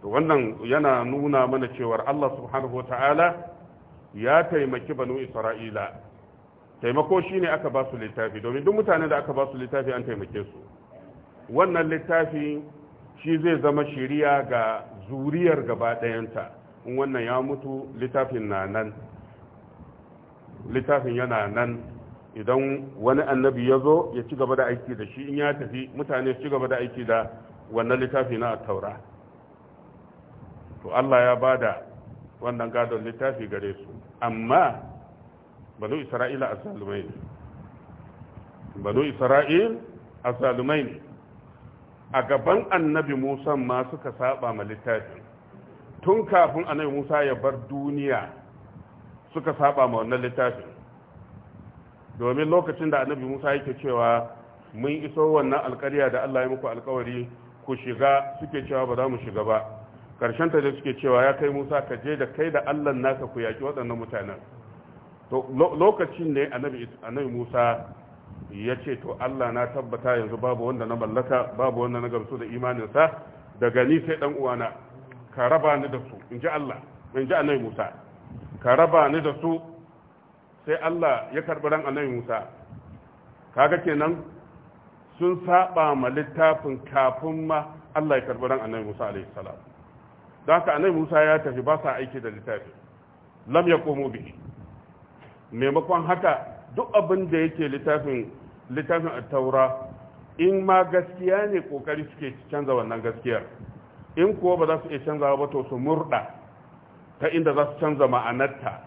to wannan yana nuna mana cewar Allah subhanahu wa ta'ala ya taimaki banu isra'ila taimako shine aka ba su littafi domin duk mutanen da aka ba su littafi an taimake su wannan littafi shi zai zama shiriya ga zuriyar gaba ɗayanta in wannan ya mutu littafin na nan littafin yana nan idan wani annabi ya zo ya ci gaba da aiki da shi in ya tafi mutane su ci gaba da aiki da wannan littafi na taura to Allah ya bada wannan gadon littafi gare su amma banu isra'ila azzalumai ne banu isra'il azzalumai ne a gaban annabi musa ma suka saba ma littafin tun kafin annabi musa ya bar duniya suka saba ma wannan littafin domin lokacin da annabi musa yake cewa mun iso wannan alkarya da allah ya muku alkawari ku shiga suke cewa ba za mu shiga ba karshen ta da suke cewa ya kai Musa ka je da kai da Allah naka ku yaki waɗannan mutanen to lokacin ne annabi Musa ya ce to Allah na tabbata yanzu babu wanda na mallaka babu wanda na gamsu da imaninsa daga ni sai dan uwana ka raba ni da su in ji Allah in ji annabi Musa ka raba ni da su sai Allah ya karɓi ran annabi Musa kaga kenan sun saba ma littafin kafin ma Allah ya karɓi ran annabi Musa alaihi salam don haka annabi Musa ya tafi ba sa aiki da littafi lam yaqumu bihi maimakon haka duk abin da yake littafin littafin at-taura in ma gaskiya ne kokari suke canza wannan gaskiyar in kuwa ba za su iya canza ba to su murda ta inda za su canza ma'anarta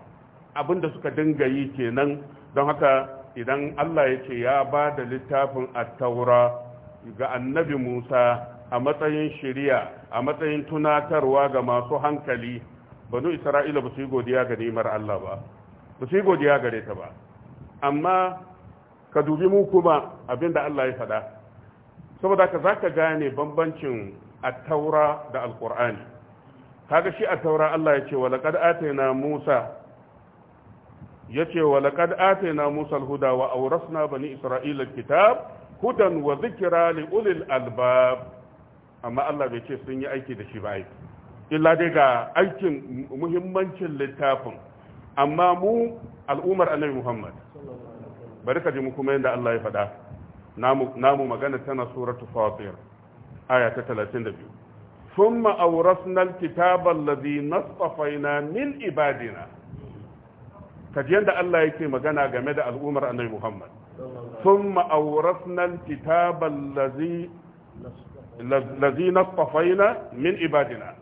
abin da suka dinga yi kenan don haka idan Allah ya ce ya ba da littafin at-taura ga annabi Musa a matsayin shiriya a matsayin tunatarwa ga masu hankali banu isra'ila ba su yi godiya ga nemar Allah ba ba su yi godiya gare ta ba amma ka dubi mu kuma abinda Allah ya faɗa saboda ka zaka gane bambancin a taura da alkur'ani kaga shi a taura Allah ya ce wa laqad Musa ya ce wa laƙad na musal huda wa aurasna bani isra'ila kitab hudan wa zikira li ulil albab amma Allah bai ce sun yi aiki da shi ba ai illa dai ga aikin muhimmancin littafin amma mu al'ummar annabi Muhammad bari ka ji mu kuma yadda Allah ya faɗa namu namu magana tana suratu fatir aya ta 32 thumma awrasna alkitaba alladhi nastafaina min ibadina kaji yadda Allah yake magana game da al'ummar annabi Muhammad thumma awrasna alkitaba alladhi lazina tafaina min ibadina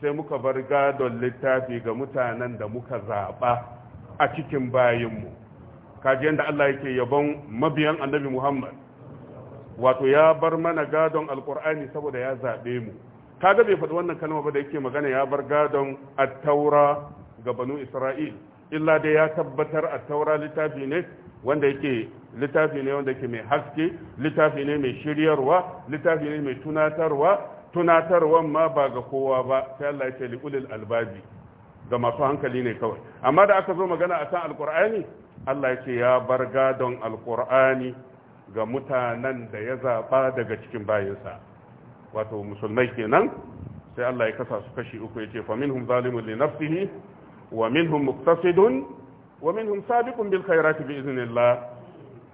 sai muka bar gadon littafi ga mutanen da muka zaɓa a cikin bayinmu kaji yadda Allah yake yabon mabiyan annabi Muhammad wato ya bar mana gadon alkur'ani saboda ya zaɓe mu kaga bai faɗi wannan kalma ba da yake magana ya bar gadon attaura ga banu isra'il illa dai ya tabbatar attaura littafi ne wanda yake littafi ne wanda ke mai haske littafi ne mai shiryarwa littafi ne mai tunatarwa tunatarwan ma ba ga kowa ba sai Allah ya ce liqulil albabi ga masu hankali ne kawai amma da aka zo magana akan alqur'ani Allah ya ce ya bar gadon alqur'ani ga mutanen da ya zaba daga cikin bayinsa wato musulmai kenan sai Allah ya kasa su kashi uku ya ce fa minhum zalimun li nafsihi wa minhum muqtasidun wa minhum sabiqun bil khairati bi idhnillah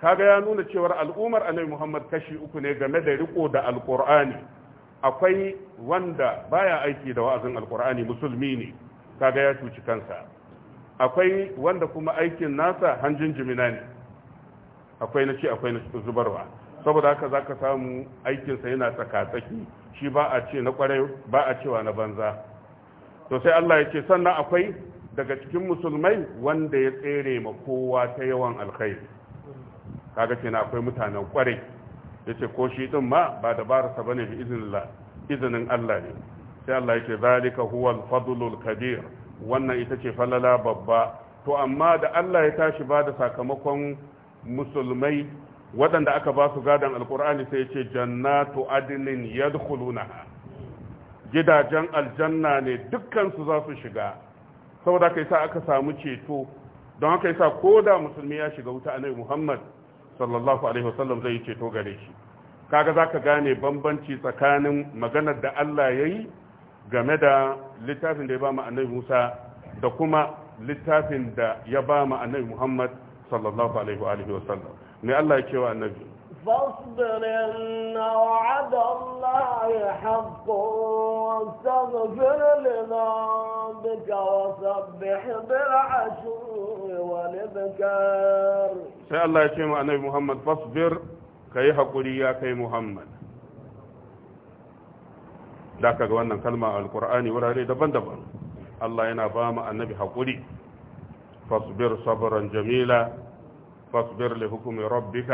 kaga ya nuna cewar al'ummar annabi muhammad kashi uku ne game da riko da alqur'ani akwai wanda baya aiki da wa'azin alqur'ani musulmi ne kaga ya cuci kansa akwai wanda kuma aikin nasa hanjin jimina ne akwai na ce akwai na zubarwa saboda haka za ka samu aikinsa yana tsakatsaki shi ba a ce na kwarai ba a cewa na banza to sai Allah ya ce sannan akwai daga cikin musulmai wanda ya tsere ma kowa ta yawan alkhairi kaga kenan akwai mutanen kwarai yace ko shi din ma ba da barasa bane bi iznillah izinin Allah ne sai Allah yake zalika huwal fadlul kabir wannan ita ce falala babba to amma da Allah ya tashi ba da sakamakon musulmai waɗanda aka ba su gadon alkur'ani sai ce jannatu adinin yadkhuluna gidajen aljanna ne dukkan su za su shiga saboda kai sa aka samu ceto don haka sa ko da musulmi ya shiga wuta annabi Muhammad sallallahu alaihi wasallam zai ceto gare shi kaga zaka gane bambanci tsakanin maganar da Allah yayi game da littafin da ya ba mu annabi Musa da kuma littafin da ya ba mu annabi Muhammad sallallahu alaihi wa alihi wasallam me Allah ya cewa annabi فاصبر ان وعد الله حق واستغفر لذنبك وسبح بالعشو والابكار سال الله يا شيخ النبي محمد فاصبر كي حقولي يا كي محمد ذاك غوانا كلمه القران ولا ريد دبن دبن الله ينا فاهم النبي حقولي فاصبر صبرا جميلا فاصبر لحكم ربك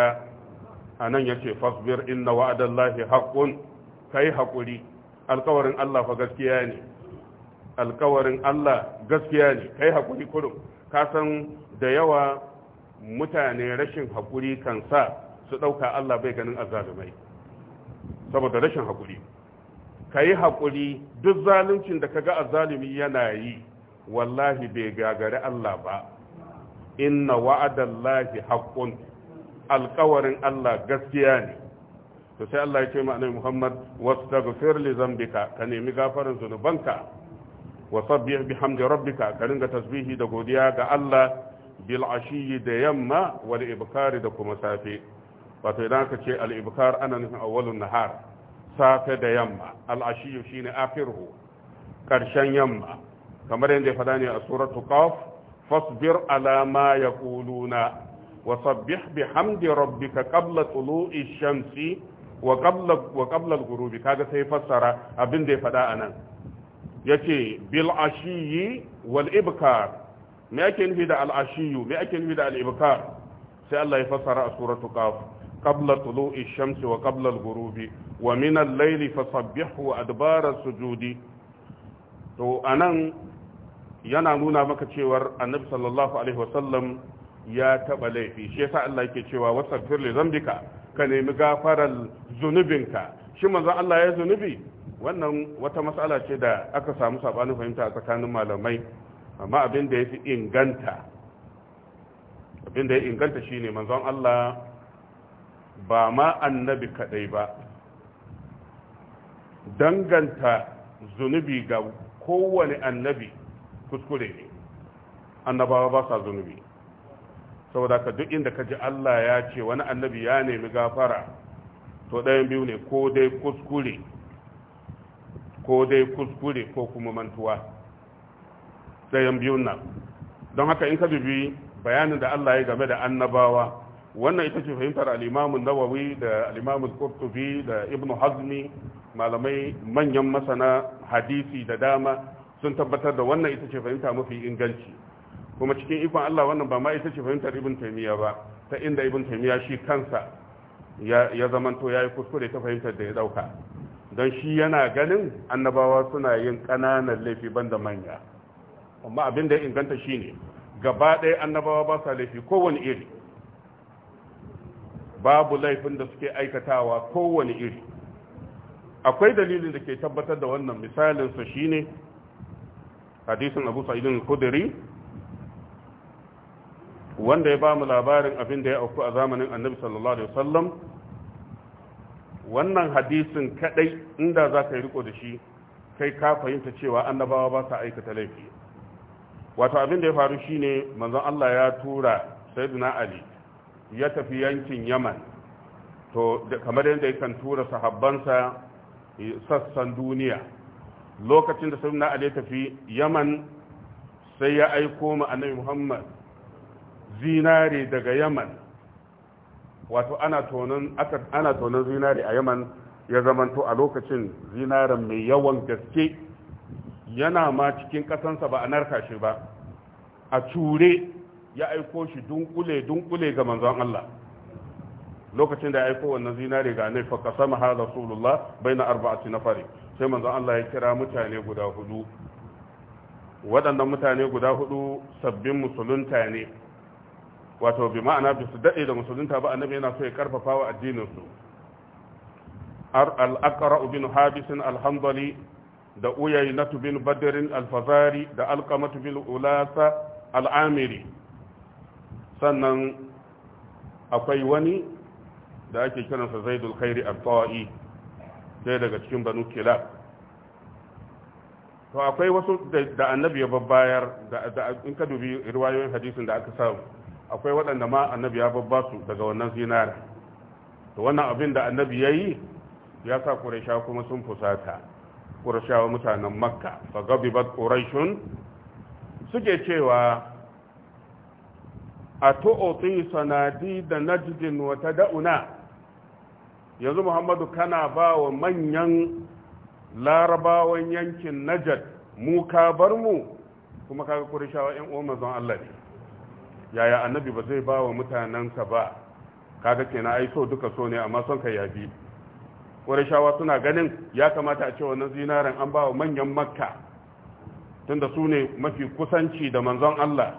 anan yace fasbir inna wa'adallahi haqqun kai hakuri alkawarin Allah fa gaskiya ne alkawarin Allah gaskiya ne kai hakuri kurum ka san da yawa mutane rashin hakuri kan sa su dauka Allah bai ganin azzalumai saboda rashin hakuri kai hakuri duk zaluncin da kaga azzalumi yana yi wallahi bai gagari Allah ba inna wa'adallahi haqqun alkawarin Allah gaskiya ne to sai Allah ya ce ma annabi Muhammad wastaghfir li zambika ka nemi gafarin zunubanka wa sabbih bihamdi rabbika ka ringa tasbihi da godiya ga Allah bil ashiyi da yamma wal ibkari da kuma safe wato idan ka ce al ibkar ana nufin awwalun nahar safe da yamma al ashiyu shine akhiruhu karshen yamma kamar yadda ya faɗa ne a suratul qaf fasbir ala ma yaquluna وسبح بحمد ربك قبل طلوع الشمس وقبل وقبل الغروب كذا سيفسر ابن دي فدا انا yace bil ashiyi wal ibkar me ake nufi da al ashiyu me ake nufi da al ibkar sai Allah ya fassara a suratu qaf qabla tulu'i shamsi wa qabla gurubi wa min al layli fasabbihu adbara sujudi to anan yana nuna maka cewar annabi sallallahu alaihi wasallam ya taɓa laifi shi yasa Allah yake cewa wastaghfir li zambika ka nemi gafarar zunubinka shi manzo Allah ya zunubi wannan wata matsala ce da aka samu sabanin fahimta a tsakanin malamai amma abin da yafi inganta abin da ya inganta shine manzon Allah ba ma annabi kadai ba danganta zunubi ga kowane annabi kuskure ne annabawa ba sa zunubi saboda ka duk inda ka ji Allah ya ce wani annabi ya nemi gafara to ɗayan biyu ne ko dai kuskure ko dai kuskure ko kuma mantuwa ɗayan biyun nan don haka in ka bi bayanin da Allah ya game da annabawa wannan ita ce fahimtar al'imamun nawawi da al'imamun kurtubi da ibnu hazmi malamai manyan masana hadisi da dama sun tabbatar da wannan ita ce fahimta mafi inganci kuma cikin ikon Allah wannan ba ma ita ce fahimtar ibn taimiyya ba ta inda ibn taimiyya shi kansa ya zamanto yi kuskure ta fahimtar da ya dauka don shi yana ganin annabawa suna yin ƙananan laifi banda manya amma abin da ya inganta shi ne gaba ɗaya annabawa ba sa laifi kowane iri babu laifin da suke aikatawa kowane iri akwai dalilin da ke tabbatar da wannan misalin misalinsa shine hadisin abu sa'idin kudiri wanda ya ba mu labarin abin da ya auku a zamanin annabi sallallahu alaihi wasallam wannan hadisin kadai inda za ka yi riko da shi kai ka fahimta cewa annabawa ba sa aikata laifi wato abin da ya faru shine manzon Allah ya tura sayyidina Ali ya tafi yankin Yaman to kamar yadda yakan tura sahabbansa sassan duniya lokacin da sayyidina Ali ya tafi Yaman sai ya aiko mu annabi Muhammad zinare daga yaman wato ana tonon zinare a yaman ya zamanto a lokacin zinaren mai yawan gaske yana ma cikin kasansa ba a narka shi ba a cure ya aiko shi dunkule-dunkule ga manzon Allah lokacin da ya aiko wannan zinare ga nai fa kasama ha rasulullah baina arba'ati nafari sai manzon Allah ya kira mutane guda hudu waɗannan mutane guda hudu sabbin musulunta ne wato bi ma'ana bi su daɗe da musulunta ba annabi yana so ya karfafa wa addininsu al-aqra bin habis da uyaynatu bin badrin da alqamatu ulasa Al'amiri. sannan akwai wani da ake kiransa zaidul khairi al-ta'i sai daga cikin banu kila. to akwai wasu da annabi ya babbayar da in ka dubi riwayoyin hadisin da aka samu akwai waɗanda ma annabi ya babba su daga wannan zinari to wannan abin da annabi ya yi ya sa ƙurashawa kuma sun fusata ƙurashawa mutanen makka fa ba ƙurashun suke cewa a to'otun sanadi da najidin wata da'una yanzu muhammadu kana ba wa manyan larabawan yankin najad mu ka bar mu kuma kaga ƙurashawa 'yan umar zan allah ne yaya annabi ba zai ba wa mutanensa ba kaga kenan ai so duka so ne amma son ka yafi ƙurashawa suna ganin ya kamata a ce wannan zinaren an ba wa manyan makka tunda su ne mafi kusanci da manzon Allah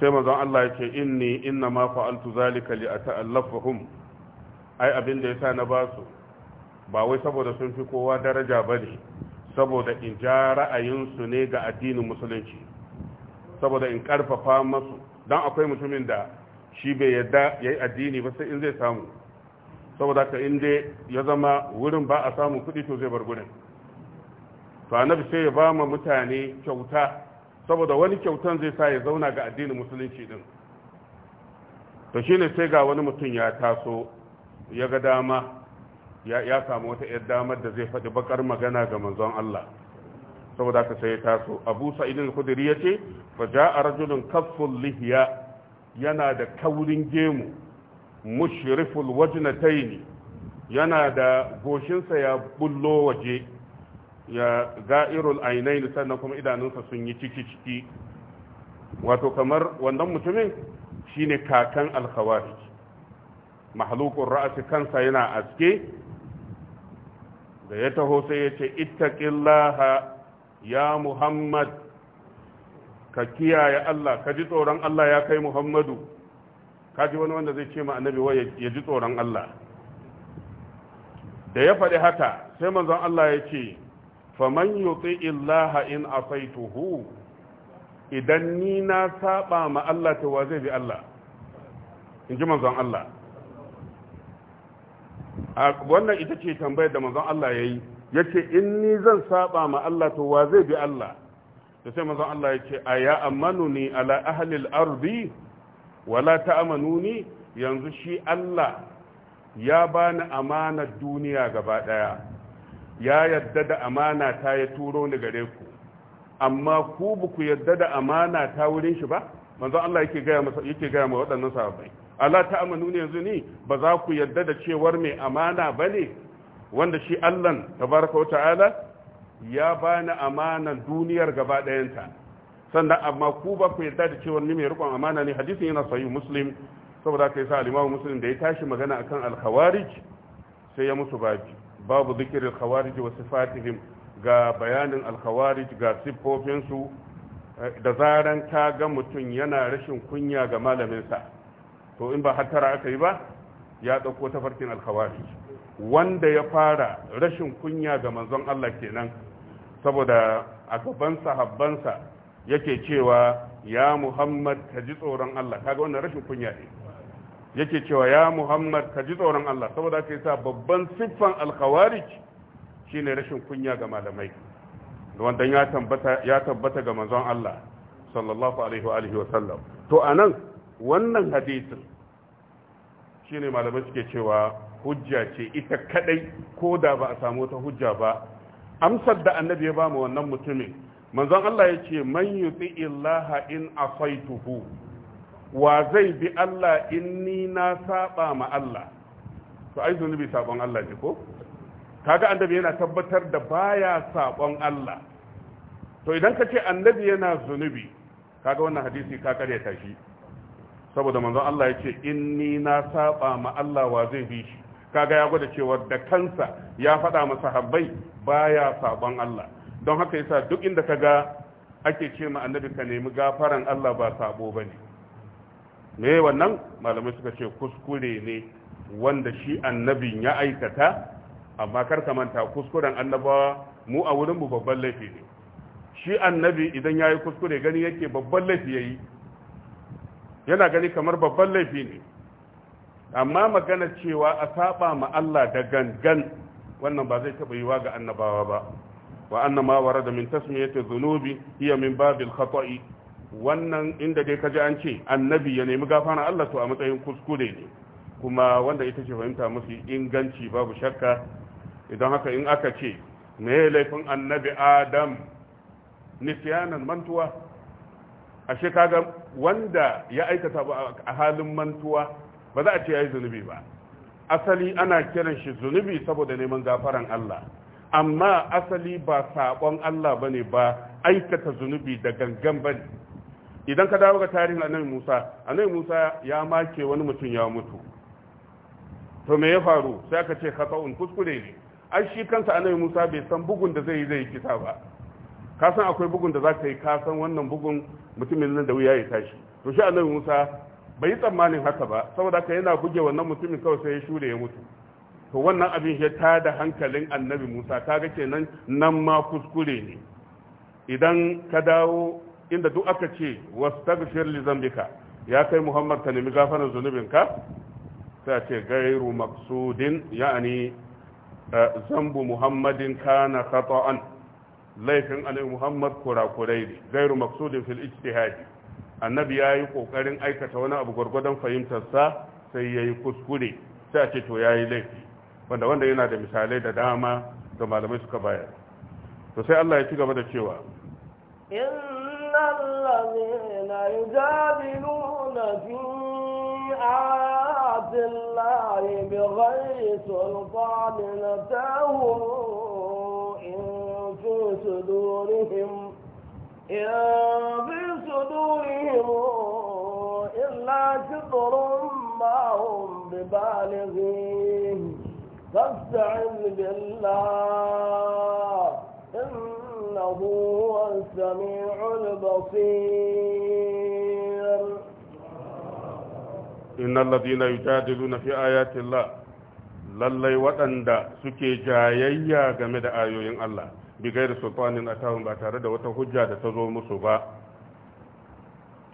sai manzon Allah yake inni inna ma fa'altu zalika li ata'allafahum ai abin da yasa na basu ba wai saboda sun fi kowa daraja bane saboda in ja ra'ayinsu ne ga addinin musulunci saboda in karfafa masu don akwai mutumin da shi bai yadda ya yi addini ba sai in zai samu saboda ka inda ya zama wurin ba a samu kuɗi to zai bar gudun to annabi sai ya ba ma mutane kyauta saboda wani kyautan zai sa ya zauna ga addinin musulunci din to shine sai ga wani mutum ya taso ya ga dama ya samu wata yar damar da zai faɗi bakar magana ga manzon Allah saboda ka sai taso Abu Sa'id al-Khudri yace fa ja'a rajulun kafful lihiya yana da kaurin gemu mushriful wajnatayn yana da goshinsa ya bullo waje ya ga'irul ainain sannan kuma idanunsa sun yi ciki ciki wato kamar wannan mutumin shine kakan al-khawarij ra'asi kansa yana aske da ya taho sai ya ce ittaqillaha ya muhammad ka kiyaye Allah ka ji tsoron Allah ya kai muhammadu ka ji wani wanda zai ce ma annabi wai ya ji tsoron Allah da ya faɗi haka sai manzon Allah ya ce faman yuti illaha in asaituhu idan ni na saba ma Allah to wa zai bi Allah in ji manzon Allah wannan ita ce tambayar da manzon Allah ya yi ya ce in ni zan saba ma Allah to wa zai bi Allah da sai manzon Allah ya ce a ya amanu ni ala ahlil ardi wala ta amanu ni yanzu shi Allah ya bani amanar duniya gaba daya ya yadda da amana ta ya turo ni gare ku amma ku ba ku yadda da amana ta wurin shi ba manzon Allah yake gaya masa yake gaya ma waɗannan sahabbai Allah ta amanu ne yanzu ni ba za ku yarda da cewar mai amana ba ne wanda shi allah tabaraka wa ta'ala ya bani amanan duniyar gaba ɗayanta sannan amma ku ba ku yarda da cewar ni mai rikon amana ne hadisi yana sahih muslim saboda yi sa al muslim da ya tashi magana akan al-khawarij sai ya musu babi babu zikirin khawarij wa sifatihim ga bayanin alkhawarij ga siffofinsu da zaran ka ga mutum yana rashin kunya ga malaminsa to in ba hattara aka yi ba ya ɗauko tafarkin alkhawari wanda ya fara rashin kunya ga manzon Allah kenan saboda a gaban sahabbansa yake cewa ya Muhammad ka ji tsoron Allah kaga wannan rashin kunya ne yake cewa ya Muhammad ka ji tsoron Allah saboda kai sa babban siffan alkhawarij shine rashin kunya ga malamai wanda ya tabbata ga manzon Allah sallallahu alaihi wa alihi wa sallam to anan wannan hadisin ne malamai suke cewa hujja ce ita kadai ko da ba a samu wata hujja ba amsar da annabi ya ba mu wannan mutumin manzon Allah ya ce man yuti illaha in asaituhu wa zai bi Allah in ni na saba ma Allah to ai zunubi sabon Allah ne ko kaga annabi yana tabbatar da baya sabon Allah to idan ka ce annabi yana zunubi kaga wannan hadisi ka ta shi saboda manzon Allah ya ce in ni na saba ma Allah wa zai bi shi kaga ya gwada cewa da kansa ya faɗa masa habbai baya saban Allah don haka yasa duk inda ka kaga ake ce ma annabi ka nemi gafaran Allah ba sabo bane me wannan malamai suka ce kuskure ne wanda shi annabin ya aikata amma kar ka manta kuskuren annabawa mu a wurin mu babban laifi ne shi annabi idan yayi kuskure gani yake babban laifi yayi yana gani kamar babban laifi ne amma magana cewa a saba ma Allah da gangan wannan ba zai taɓa yiwa ga annabawa ba wa annama warada min tasmiyati dhunubi hiya min babil khata'i wannan inda dai kaji an ce annabi ya nemi gafara Allah to a matsayin kuskure ne kuma wanda ita ce fahimta musu inganci babu shakka idan haka in aka ce me laifin annabi adam nisyanan mantuwa ashe kaga wanda ya aikata a halin mantuwa ba za a ce ya yi zunubi ba asali ana kiran shi zunubi saboda neman gafaran Allah amma asali ba saƙon Allah ba ne ba aikata zunubi da gangan ba idan ka dawo ga tarihin annabi musa annabi musa ya make wani mutum ya mutu to me ya faru sai aka ce khata'un kuskure ne ai shi kansa annabi musa bai san bugun da zai yi zai kisa ba ka san akwai bugun da za ka yi ka san wannan bugun mutumin nan da wuya ya tashi to shi annabi musa bai yi tsammanin haka ba saboda ka yana buge wannan mutumin kawai sai ya shure ya mutu to wannan abin ya da hankalin annabi musa ga kenan nan ma kuskure ne idan ka dawo inda duk aka ce wastaghfir li zambika ya kai muhammad ka nemi gafaran zunubinka sai ce gairu maqsudin ya'ani eh, zambu muhammadin kana khata'an laifin annabi muhammad kurakurai ne gairu maksudin fil ijtihadi annabi ya yi kokarin aikata wani abu gwargwadon fahimtarsa sai ya yi kuskure sai a ce to ya yi laifi wanda wanda yana da misalai da dama da malamai suka bayar to sai allah ya ci gaba da cewa الذين يجادلون في آيات الله بغير سلطان في صدورهم إن في صدورهم إلا كبر ما هم ببالغين فاستعذ بالله إنه هو السميع البصير إن الذين يجادلون في آيات الله lallai waɗanda suke jayayya game da ayoyin Allah bigayar sultanin tawun ba tare da wata hujja da ta zo musu ba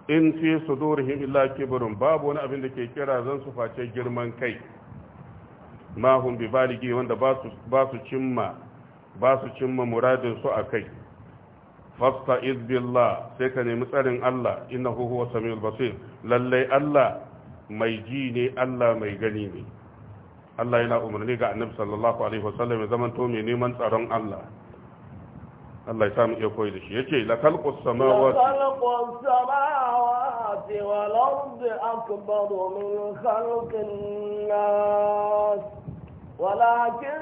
in fi sudurihim illa kibrun babu wani abin da ke kira zan su face girman kai Mahun bi baligi wanda ba su cimma ba su cimma muradin su akai fasta izbillah sai ka nemi tsarin Allah innahu huhuwa samiul basir lallai Allah mai ji ne Allah mai gani ne Allah yana umarni ga Annabi sallallahu alaihi wasallam ya zamanto mai neman tsaron Allah Allah ya samu iya da shi yace la khalqu samawati la khalqu samawati wal ardi akbaru min khalqin nas walakin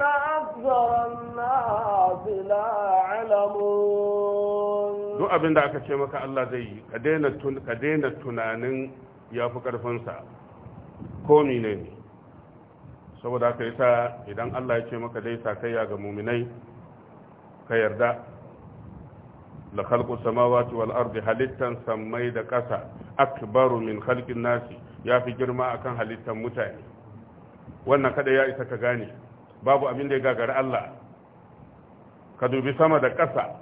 akthar an-nas la duk abinda aka ce maka Allah zai yi ka daina tun ka daina tunanin yafi karfin sa ko ne saboda haka yasa idan Allah ya ce maka dai sakayya ga muminai ka yarda la khalqu samawati wal ardi halittan sammai da ƙasa akbaru min khalqin nasi ya fi girma akan halittan mutane wannan kada ya isa ka gane babu abin da ya gagara Allah ka dubi sama da ƙasa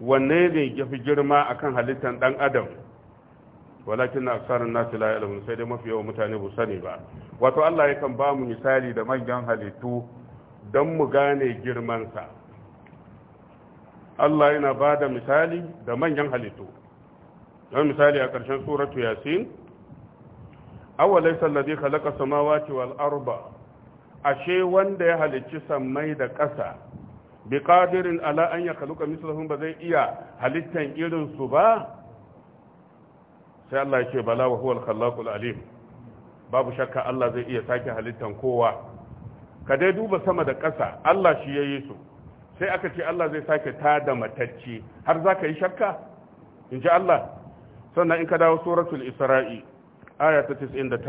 wanne ne ya fi girma akan halittan ɗan adam walakin na aksarin nasi la ilmu sai dai mafi yawan mutane ba sani ba wato Allah yakan ba mu misali da manyan halittu don mu gane girmansa Allah yana ba da misali da manyan halittu don misali a ƙarshen suratu yasin awalai sallade halaka samawati wal arba ashe wanda ya halicci sammai da ƙasa bi qadirin ala an ya kaluka mislahum ba zai iya halittan irinsu ba sai Allah yake bala wa huwal khallaqul alim babu shakka Allah zai iya sake halittan kowa ka dai duba sama da ƙasa Allah shi yayi su sai aka ce Allah zai sake tada matacce har za ka yi shakka in ji Allah sannan in ka dawo suratul isra'i aya ta 99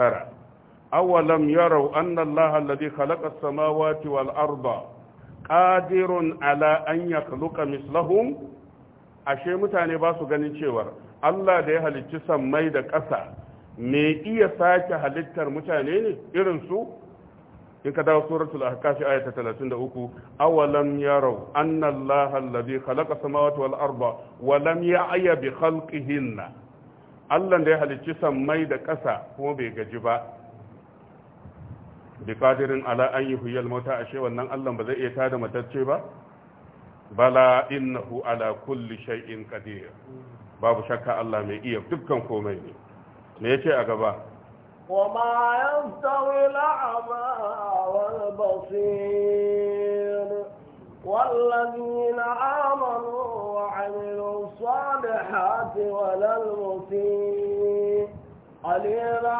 awalam yarau anna Allah alladhi khalaqa as-samawati wal arda qadirun ala an yakhluqa mislahum ashe mutane ba su ganin cewa Allah da ya halicci sammai da ƙasa me iya sake halittar mutane ne irin su in ka dawo suratul ahqaf aya ta 33 awalam yarau anna allaha alladhi khalaqa samawati wal arda wa lam ya'ya bi khalqihinna Allah da ya halicci sammai da ƙasa kuma bai gaji ba bi qadirin ala an yuhyil mauta ashe wannan Allah ba zai iya tada matacce ba bala innahu ala kulli shay'in qadir babu shakka Allah mai iya dukkan komai ne me yace a gaba وما يستوي الأعمى والبصير والذين آمنوا وعملوا الصالحات ولا المسيء قليلا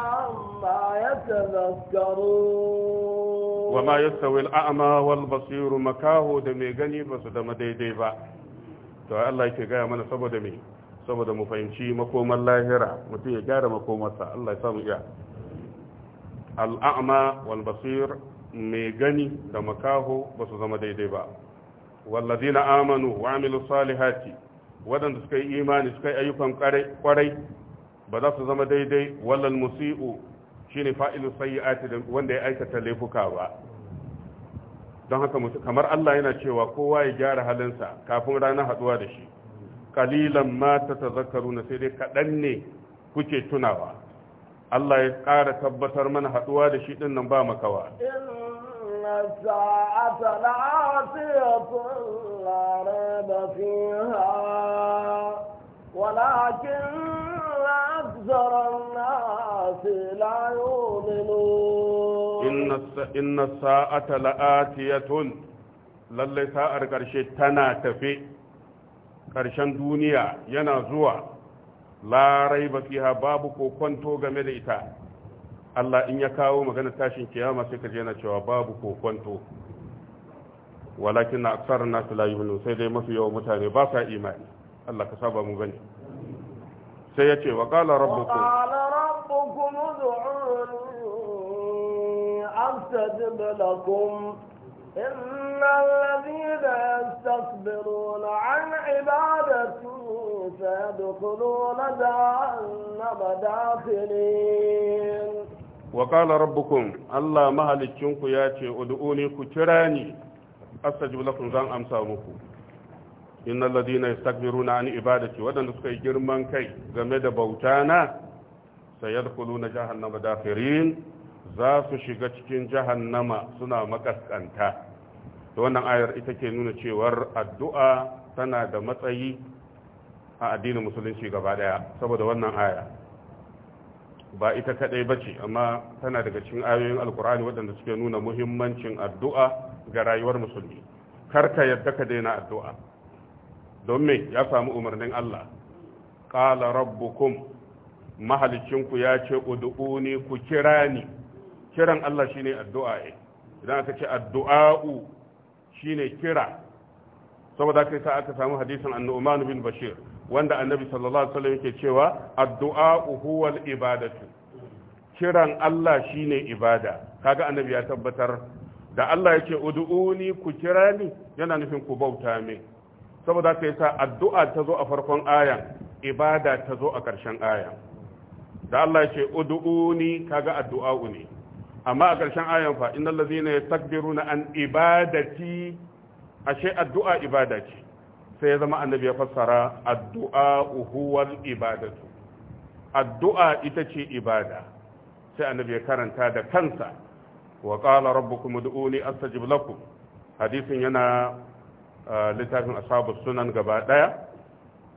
ما يتذكرون وما يستوي الأعمى والبصير مكاه دمي غني بس دم ديدي با to Allah yake gaya mana saboda me saboda mu fahimci makoman lahira mutum ya gyara makomarsa Allah ya samu iya al'a'ma walbasir mai gani da makaho ba su zama daidai ba wallazina amanu wa amilu salihati waɗanda suka yi imani suka yi ayyukan kwarai ba za su zama daidai wallal musi'u shine fa'ilu sayyi'ati wanda ya aikata laifuka ba don haka kamar Allah yana cewa kowa ya gyara halinsa kafin ranar haɗuwa da shi kalilan matata ta zakaru na sai dai kaɗan ne kuke tunawa Allah ya ƙara tabbatar mana haɗuwa da shi ɗin nan ba makawa ولكن أكثر الناس lallai sa'ar ƙarshe tana tafe ƙarshen duniya yana zuwa larai raiba fiha babu ko kwanto game da ita Allah in ya kawo magana tashin kiyama sai ka na cewa babu ko kwanto walakin na aksar na la sai dai mafi yawan mutane ba sa imani Allah ka saba mu gani sai ya ce wa kala rabbukum qala astajib lakum إن الذين يستكبرون عن عبادته سيدخلون جهنم داخلين وقال ربكم الله مهلككم ياتي ادعوني كتراني أستجب لكم زان أمسى إن الذين يستكبرون عن عبادتي ودن سكي جرمان كي غمد بوتانا سيدخلون جهنم داخرين za su shiga cikin jahannama suna makaskanta da wannan ayar ita ke nuna cewar addu'a tana da matsayi a addinin musulunci gaba daya saboda wannan aya ba ita kadai ba ce amma tana daga cikin ayoyin alkur'ani waɗanda suke nuna muhimmancin addu'a ga rayuwar musulmi ka yadda ka daina addu'a don me ya samu umarnin Allah ƙala rabbukum mahalicinku ya ce ne ku kira ni kiran Allah shine addu'a eh. idan aka ce addu'a'u ne kira saboda kai sa aka samu hadisin annu'man bin bashir wanda annabi sallallahu alaihi wasallam yake cewa addu'a'u huwal ibadatu kiran Allah shine ibada kaga annabi ya tabbatar da Allah yake udu'uni ku kira ni yana nufin ku bauta min saboda kai sa addu'a ta zo a farkon ayan ibada ta zo a ƙarshen ayan da Allah yake udu'uni kaga addu'a'u ne amma a ƙarshen ayan fa ne ya yastakbiruna an ibadati ashe addu'a ibadati sai ya zama annabi ya fassara addu'a uhuwar ibadatu addu'a ita ce ibada sai annabi ya karanta da kansa wa qala rabbukum ud'uni astajib lakum hadisin yana littafin ashabus sunan gaba daya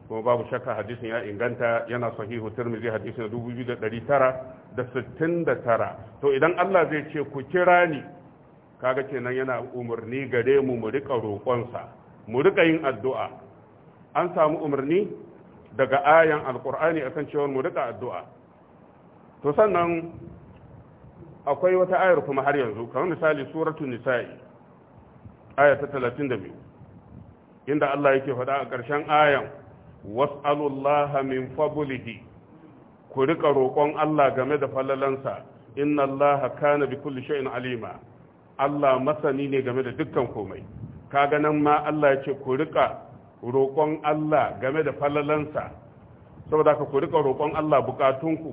kuma babu shakka hadisin ya inganta yana sahihu tirmidhi hadisin 2900 da 69 to idan Allah zai ce ku kira ni kaga kenan yana umarni gare mu mu rika roƙonsa mu rika yin addu'a an samu umarni daga ayan alqur'ani akan cewa mu rika addu'a to sannan akwai wata ayar kuma har yanzu kamar misali suratul nisa'i aya ta 32 inda Allah yake faɗa a ƙarshen ayan was'alullaha min fadlihi ku rika roƙon Allah game da falalansa inna Allah kana bi kulli shay'in alima Allah masani ne game da dukkan komai kaga nan ma Allah ya ce ku rika roƙon Allah game da falalansa saboda ka ku rika roƙon Allah bukatunku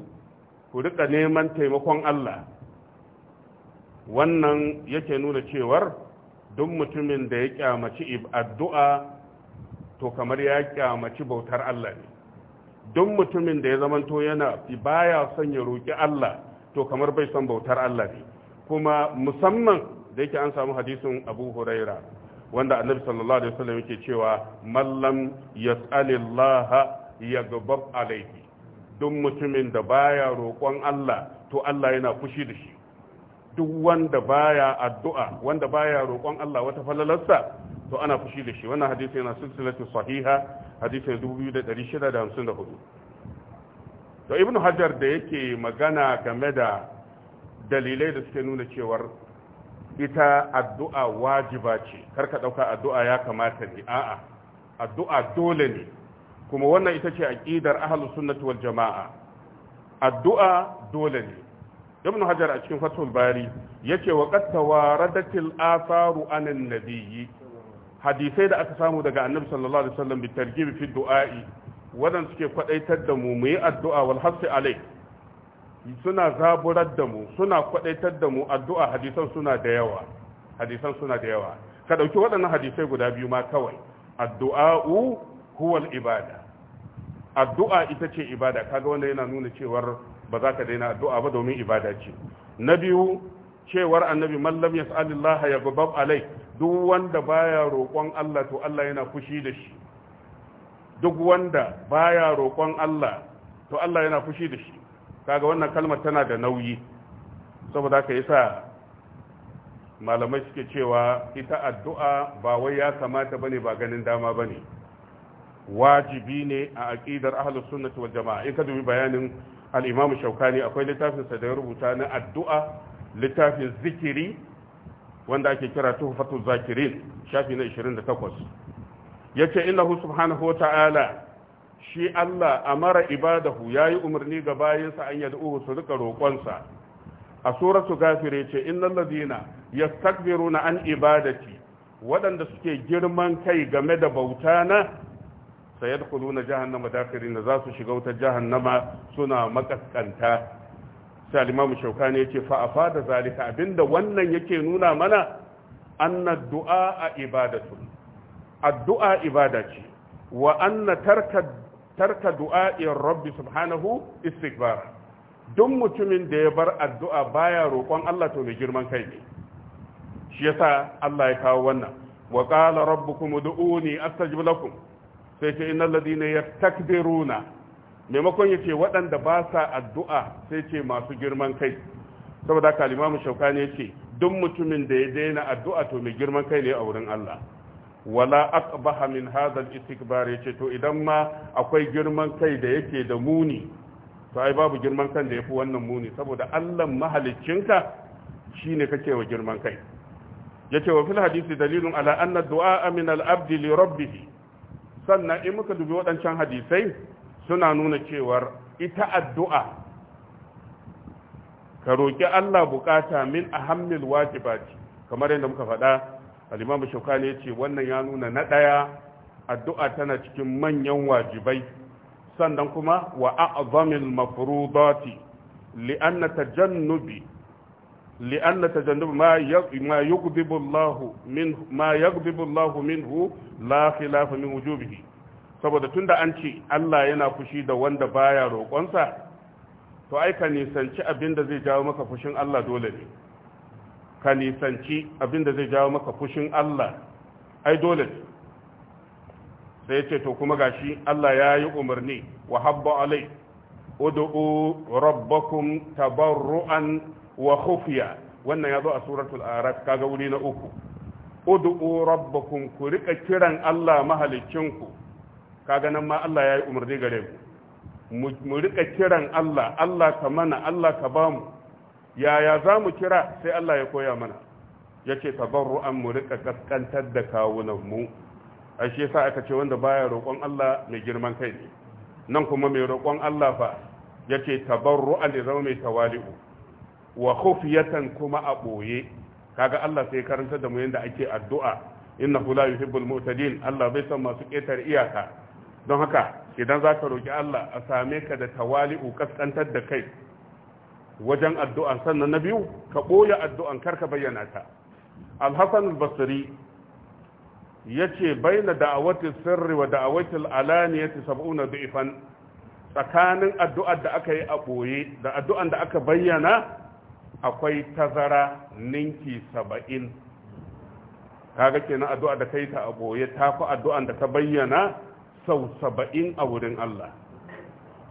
ku rika neman taimakon Allah wannan yake nuna cewar duk mutumin da ya kyamaci addu'a to kamar ya kyamaci bautar Allah ne don mutumin da ya zamanto yana baya son ya roƙi Allah to kamar bai son bautar Allah ne kuma musamman da yake an samu hadisin Abu Huraira wanda Annabi sallallahu alaihi wasallam yake cewa mallam yas'alillaha yagbab Alayhi. duk mutumin da baya roƙon Allah to Allah yana fushi da shi duk wanda baya addu'a wanda baya roƙon Allah wata falalarsa to ana fushi da shi wannan hadisi yana silsilatu sahiha hadisi 2654 to ibnu hajar da yake magana game da dalilai da suke nuna cewar ita addu'a wajiba ce karka dauka addu'a ya kamata ne a'a addu'a dole ne kuma wannan ita ce aqidar ahlus sunnati wal jamaa addu'a dole ne ibnu hajar a cikin fathul bari yace wa qad tawaradatil atharu anan nabiyyi hadisai da aka samu daga annabi sallallahu alaihi wasallam bi fi du'a'i wadan suke kwadaitar da mu mu yi addu'a wal hasi alai suna zaburar da mu suna kwadaitar da mu addu'a hadisan suna da yawa hadisan suna da yawa ka dauki waɗannan hadisai guda biyu ma kawai addu'a'u huwa ibada addu'a ita ce ibada kaga wanda yana nuna cewar ba za ka daina addu'a ba domin ibada ce na biyu cewar annabi mallam ya Allah ya gubab alai duk wanda baya roƙon Allah to Allah yana fushi da shi duk wanda baya roƙon Allah to Allah yana fushi da shi kaga wannan kalmar tana da nauyi saboda haka sa malamai suke cewa ita addu'a ba wai ya kamata bane ba ganin dama bane wajibi ne a aƙidar ahalus sunnati wal jama'a in ka dubi bayanin al-imam shaukani akwai littafinsa da ya rubuta na addu'a littafin zikiri wanda ake kira tuhfatu zakirin shafi na 28 yace innahu subhanahu wa ta'ala shi Allah amara ibadahu ya yi umarni ga bayansa an yad'uhu su rika roƙonsa a suratu gafir yace innal ladina yastakbiruna an ibadati waɗanda suke girman kai game da bauta na na jahannama da za su shiga wutar jahannama suna makaskanta sai al-imamu ya ce fa afada zalika abinda wannan yake nuna mana anna du'a ibadatu addu'a ibada ce wa anna tarka tarka du'a'i rabbi subhanahu istikbara duk mutumin da ya bar addu'a baya roƙon Allah to mai girman kai ne shi yasa Allah ya kawo wannan wa qala rabbukum ud'uni astajib lakum sai ce innal ladina takdiruna. maimakon ya ce waɗanda ba sa addu'a sai ce masu girman kai saboda kalimamu shauka ne ce duk mutumin da ya daina addu'a to mai girman kai ne a wurin Allah wala aqbaha min hadha istikbar yace to idan ma akwai girman kai da yake da muni to ai babu girman kan da ya fi wannan muni saboda Allah mahaliccinka shine kake wa girman kai yace wa fil hadisi dalilun ala anna du'a min al-abd sannan in muka dubi waɗancan hadisai suna nuna cewar ita addu'a ka roƙi Allah bukata min ahammil wajibati kamar yadda muka faɗa Alimami imamu ne ce wannan ya nuna na ɗaya addu'a tana cikin manyan wajibai sannan kuma wa a'zamil mafrudati li'anna tajannubi li'anna ta ma ma yughdibu min minhu la khilafa min wujubihi saboda tunda an ce Allah yana fushi da wanda baya roƙonsa to ai ka nisanci abin da zai jawo maka fushin Allah dole ne ka nisanci abin da zai jawo maka fushin Allah ai dole ne sai ce to kuma gashi Allah ya yi umarni wa habba alai ud'u rabbakum tabarru'an wa khufiya wannan ya zo a suratul araf kaga wuri na uku ud'u rabbakum ku rika kiran Allah ku. kaga nan ma Allah ya yi umarni gare mu mu rika kiran Allah Allah ka mana Allah ka bamu yaya za mu kira sai Allah ya koya mana ya ce tabarru'an mu rika kaskantar da kawunan mu a shi aka ce wanda baya roƙon Allah mai girman kai ne nan kuma mai roƙon Allah fa ya ce tabarru'an da zama mai tawali'u wa khufiyatan kuma a ɓoye kaga Allah sai karanta da mu yadda ake addu'a inna hula yuhibbul mu'tadin Allah bai san masu ƙetare iyaka don haka idan za ka roƙi Allah a same ka da tawali'u kaskantar da kai wajen addu'an sannan na biyu ka ɓoye addu'an karka bayyana ta alhassan Basiri ya ce bai na da'awatin sirri wa da'awatin alaniyati sab'una du'ifan tsakanin addu'ar da aka yi a ɓoye da addu'an da aka bayyana akwai tazara ninki saba'in kaga kenan addu'a da kai ta a ɓoye ta fi addu'an da ka bayyana sau saba'in a wurin Allah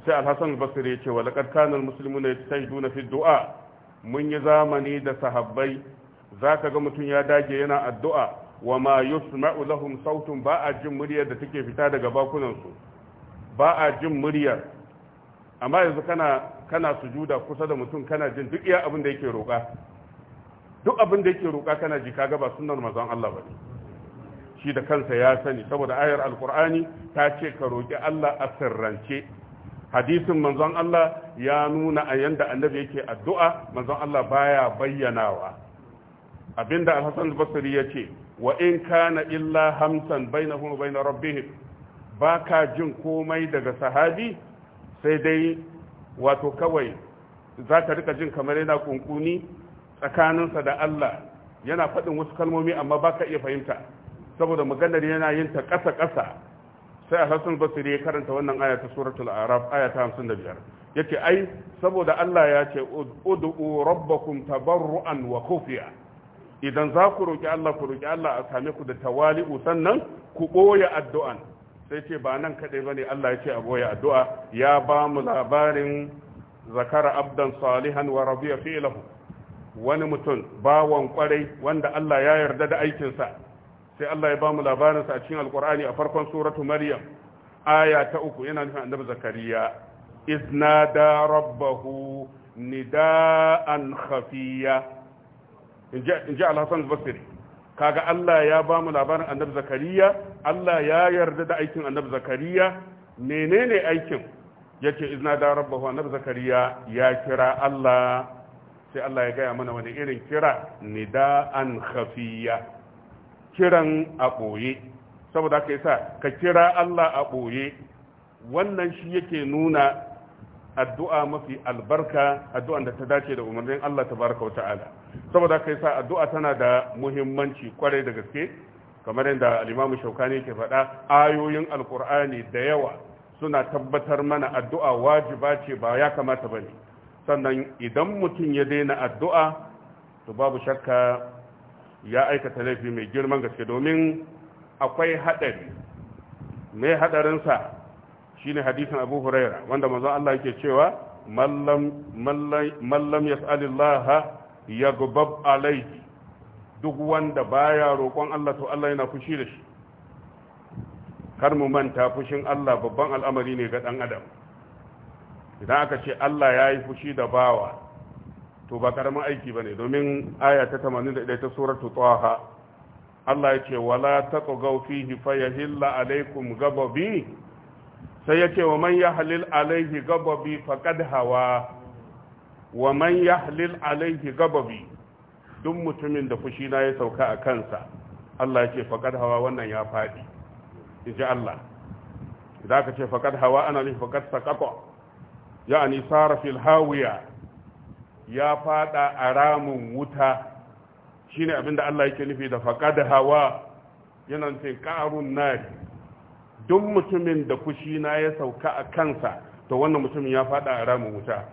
sai alhassan basir ya ce wa laƙar kanar musulmi ne ta yi duna fi du'a mun yi zamani da sahabbai za ka ga mutum ya dage yana addu'a wa ma yusma'u lahum sautun ba a jin muryar da take fita daga bakunansu ba a jin muryar amma yanzu kana kana sujuda kusa da mutum kana jin duk iya abin da yake roƙa duk abin da yake roƙa kana ji kaga ba sunan manzon Allah bane shi da kansa ya sani saboda ayar alkur'ani ta ce ka roƙi Allah a sirrance hadisin manzon Allah ya nuna a yanda annabi yake addu'a manzon Allah baya bayyanawa abinda al-Hasan al-Basri yace wa in kana illa hamsan bainahum wa bain rabbihim baka jin komai daga sahabi sai dai wato kawai ka rika jin kamar yana kunkuni tsakaninsa da Allah yana faɗin wasu kalmomi amma baka iya fahimta saboda maganar yana yin ta ƙasa ƙasa sai a hasan Basri ya karanta wannan aya ta suratul Araf aya ta 55 Yake ai saboda Allah ya ce ud'u rabbakum tabarruan wa khufiya idan za ku roki Allah ku roki Allah a same ku da tawali'u sannan ku boye addu'an sai ce ba nan ba bane Allah ya ce a boye addu'a ya ba mu labarin zakara abdan salihan wa rabiya fi'lahu wani mutum bawon kwarai wanda Allah ya yarda da aikinsa sai Allah ya bamu labarin sa a cikin alkur'ani a farkon suratu maryam aya ta uku yana nufin annabi zakariya iznada rabbahu nida'an khafiya inji al-hasan basri kaga Allah ya bamu labarin annabi zakariya Allah ya yarda da aikin annabi zakariya menene aikin yace iznada rabbahu annabi zakariya ya kira Allah sai Allah ya gaya mana wani irin kira nida'an khafiya kiran a ɓoye saboda haka yasa ka kira Allah a ɓoye wannan shi yake nuna addu'a mafi albarka addu'an da ta dace da umarnin Allah Ta baraka wa ta'ala saboda haka yasa addu'a tana da muhimmanci kwarai da gaske kamar yadda alimamu imam ne ke faɗa ayoyin Alƙur'ani da yawa suna tabbatar mana addu'a wajiba ce ba ya kamata ba ne sannan idan mutum ya daina addu'a to babu shakka ya aikata laifi mai girman gaske domin akwai haɗari mai haɗarinsa shine hadisin abu huraira wanda manzon Allah yake cewa mallam ya yas'alillah ya gubab alaiki duk wanda baya roƙon Allah to Allah yana fushi da shi kar mu manta fushin Allah babban al'amari ne ga ɗan adam idan aka ce Allah ya yi fushi da bawa to ba karamin aiki ba ne domin aya ta 81 ta suratu taha Allah ya ce wala taqaw fihi fayahilla alaikum gababi sai ya ce wa man yahlil alaihi gababi faqad hawa wa man yahlil alaihi gababi duk mutumin da fushi na ya sauka a kansa Allah ya ce faqad hawa wannan ya fadi ji Allah idan ka ce faqad hawa ana li faqad saqata yani sara fil hawiya ya fada a ramin wuta shine da Allah yake nufi da faqad hawa yana ce qarun nari duk mutumin da kushi na ya sauka a kansa to wannan mutumin ya fada a ramin wuta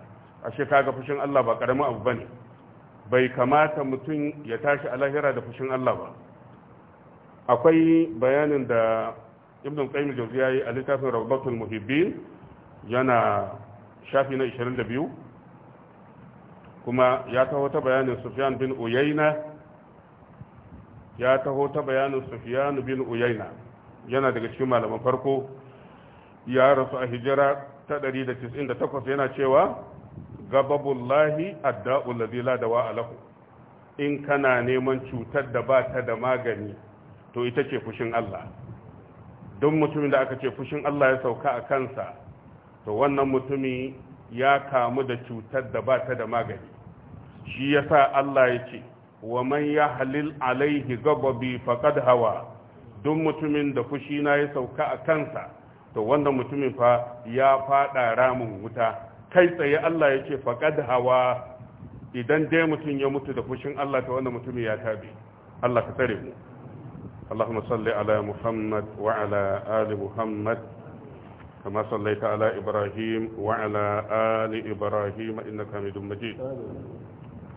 ashe kaga fushin Allah ba karamin abu bane bai kamata mutum ya tashi a lahira da fushin Allah ba akwai bayanin da ibn qayyim ya yi a littafin rawdatul muhibbin yana shafi na 22 kuma ya taho ta bayanin sufyan bin uyaina ya taho ta bayanin sufyan bin uyaina yana daga cikin malaman farko ya rasu a hijira ta 198 yana cewa gababullahi adda'u ladhi la dawa alahu in kana neman cutar da ba ta da magani to ita ce fushin Allah don mutumin da aka ce fushin Allah ya sauka a kansa to wannan mutumi ya kamu da cutar da ba ta da magani shi yasa Allah ya ce wa man yahlil alaihi ghadabi faqad hawa duk mutumin da fushi na ya sauka a kansa to wanda mutumin fa ya fada ramin wuta kai tsaye Allah ya ce faqad hawa idan dai mutum ya mutu da fushin Allah to wanda mutumin ya tabi Allah ka tsare mu Allahumma salli ala Muhammad wa ala ali Muhammad كما صليت على إبراهيم وعلى آل إبراهيم إنك حميد مجيد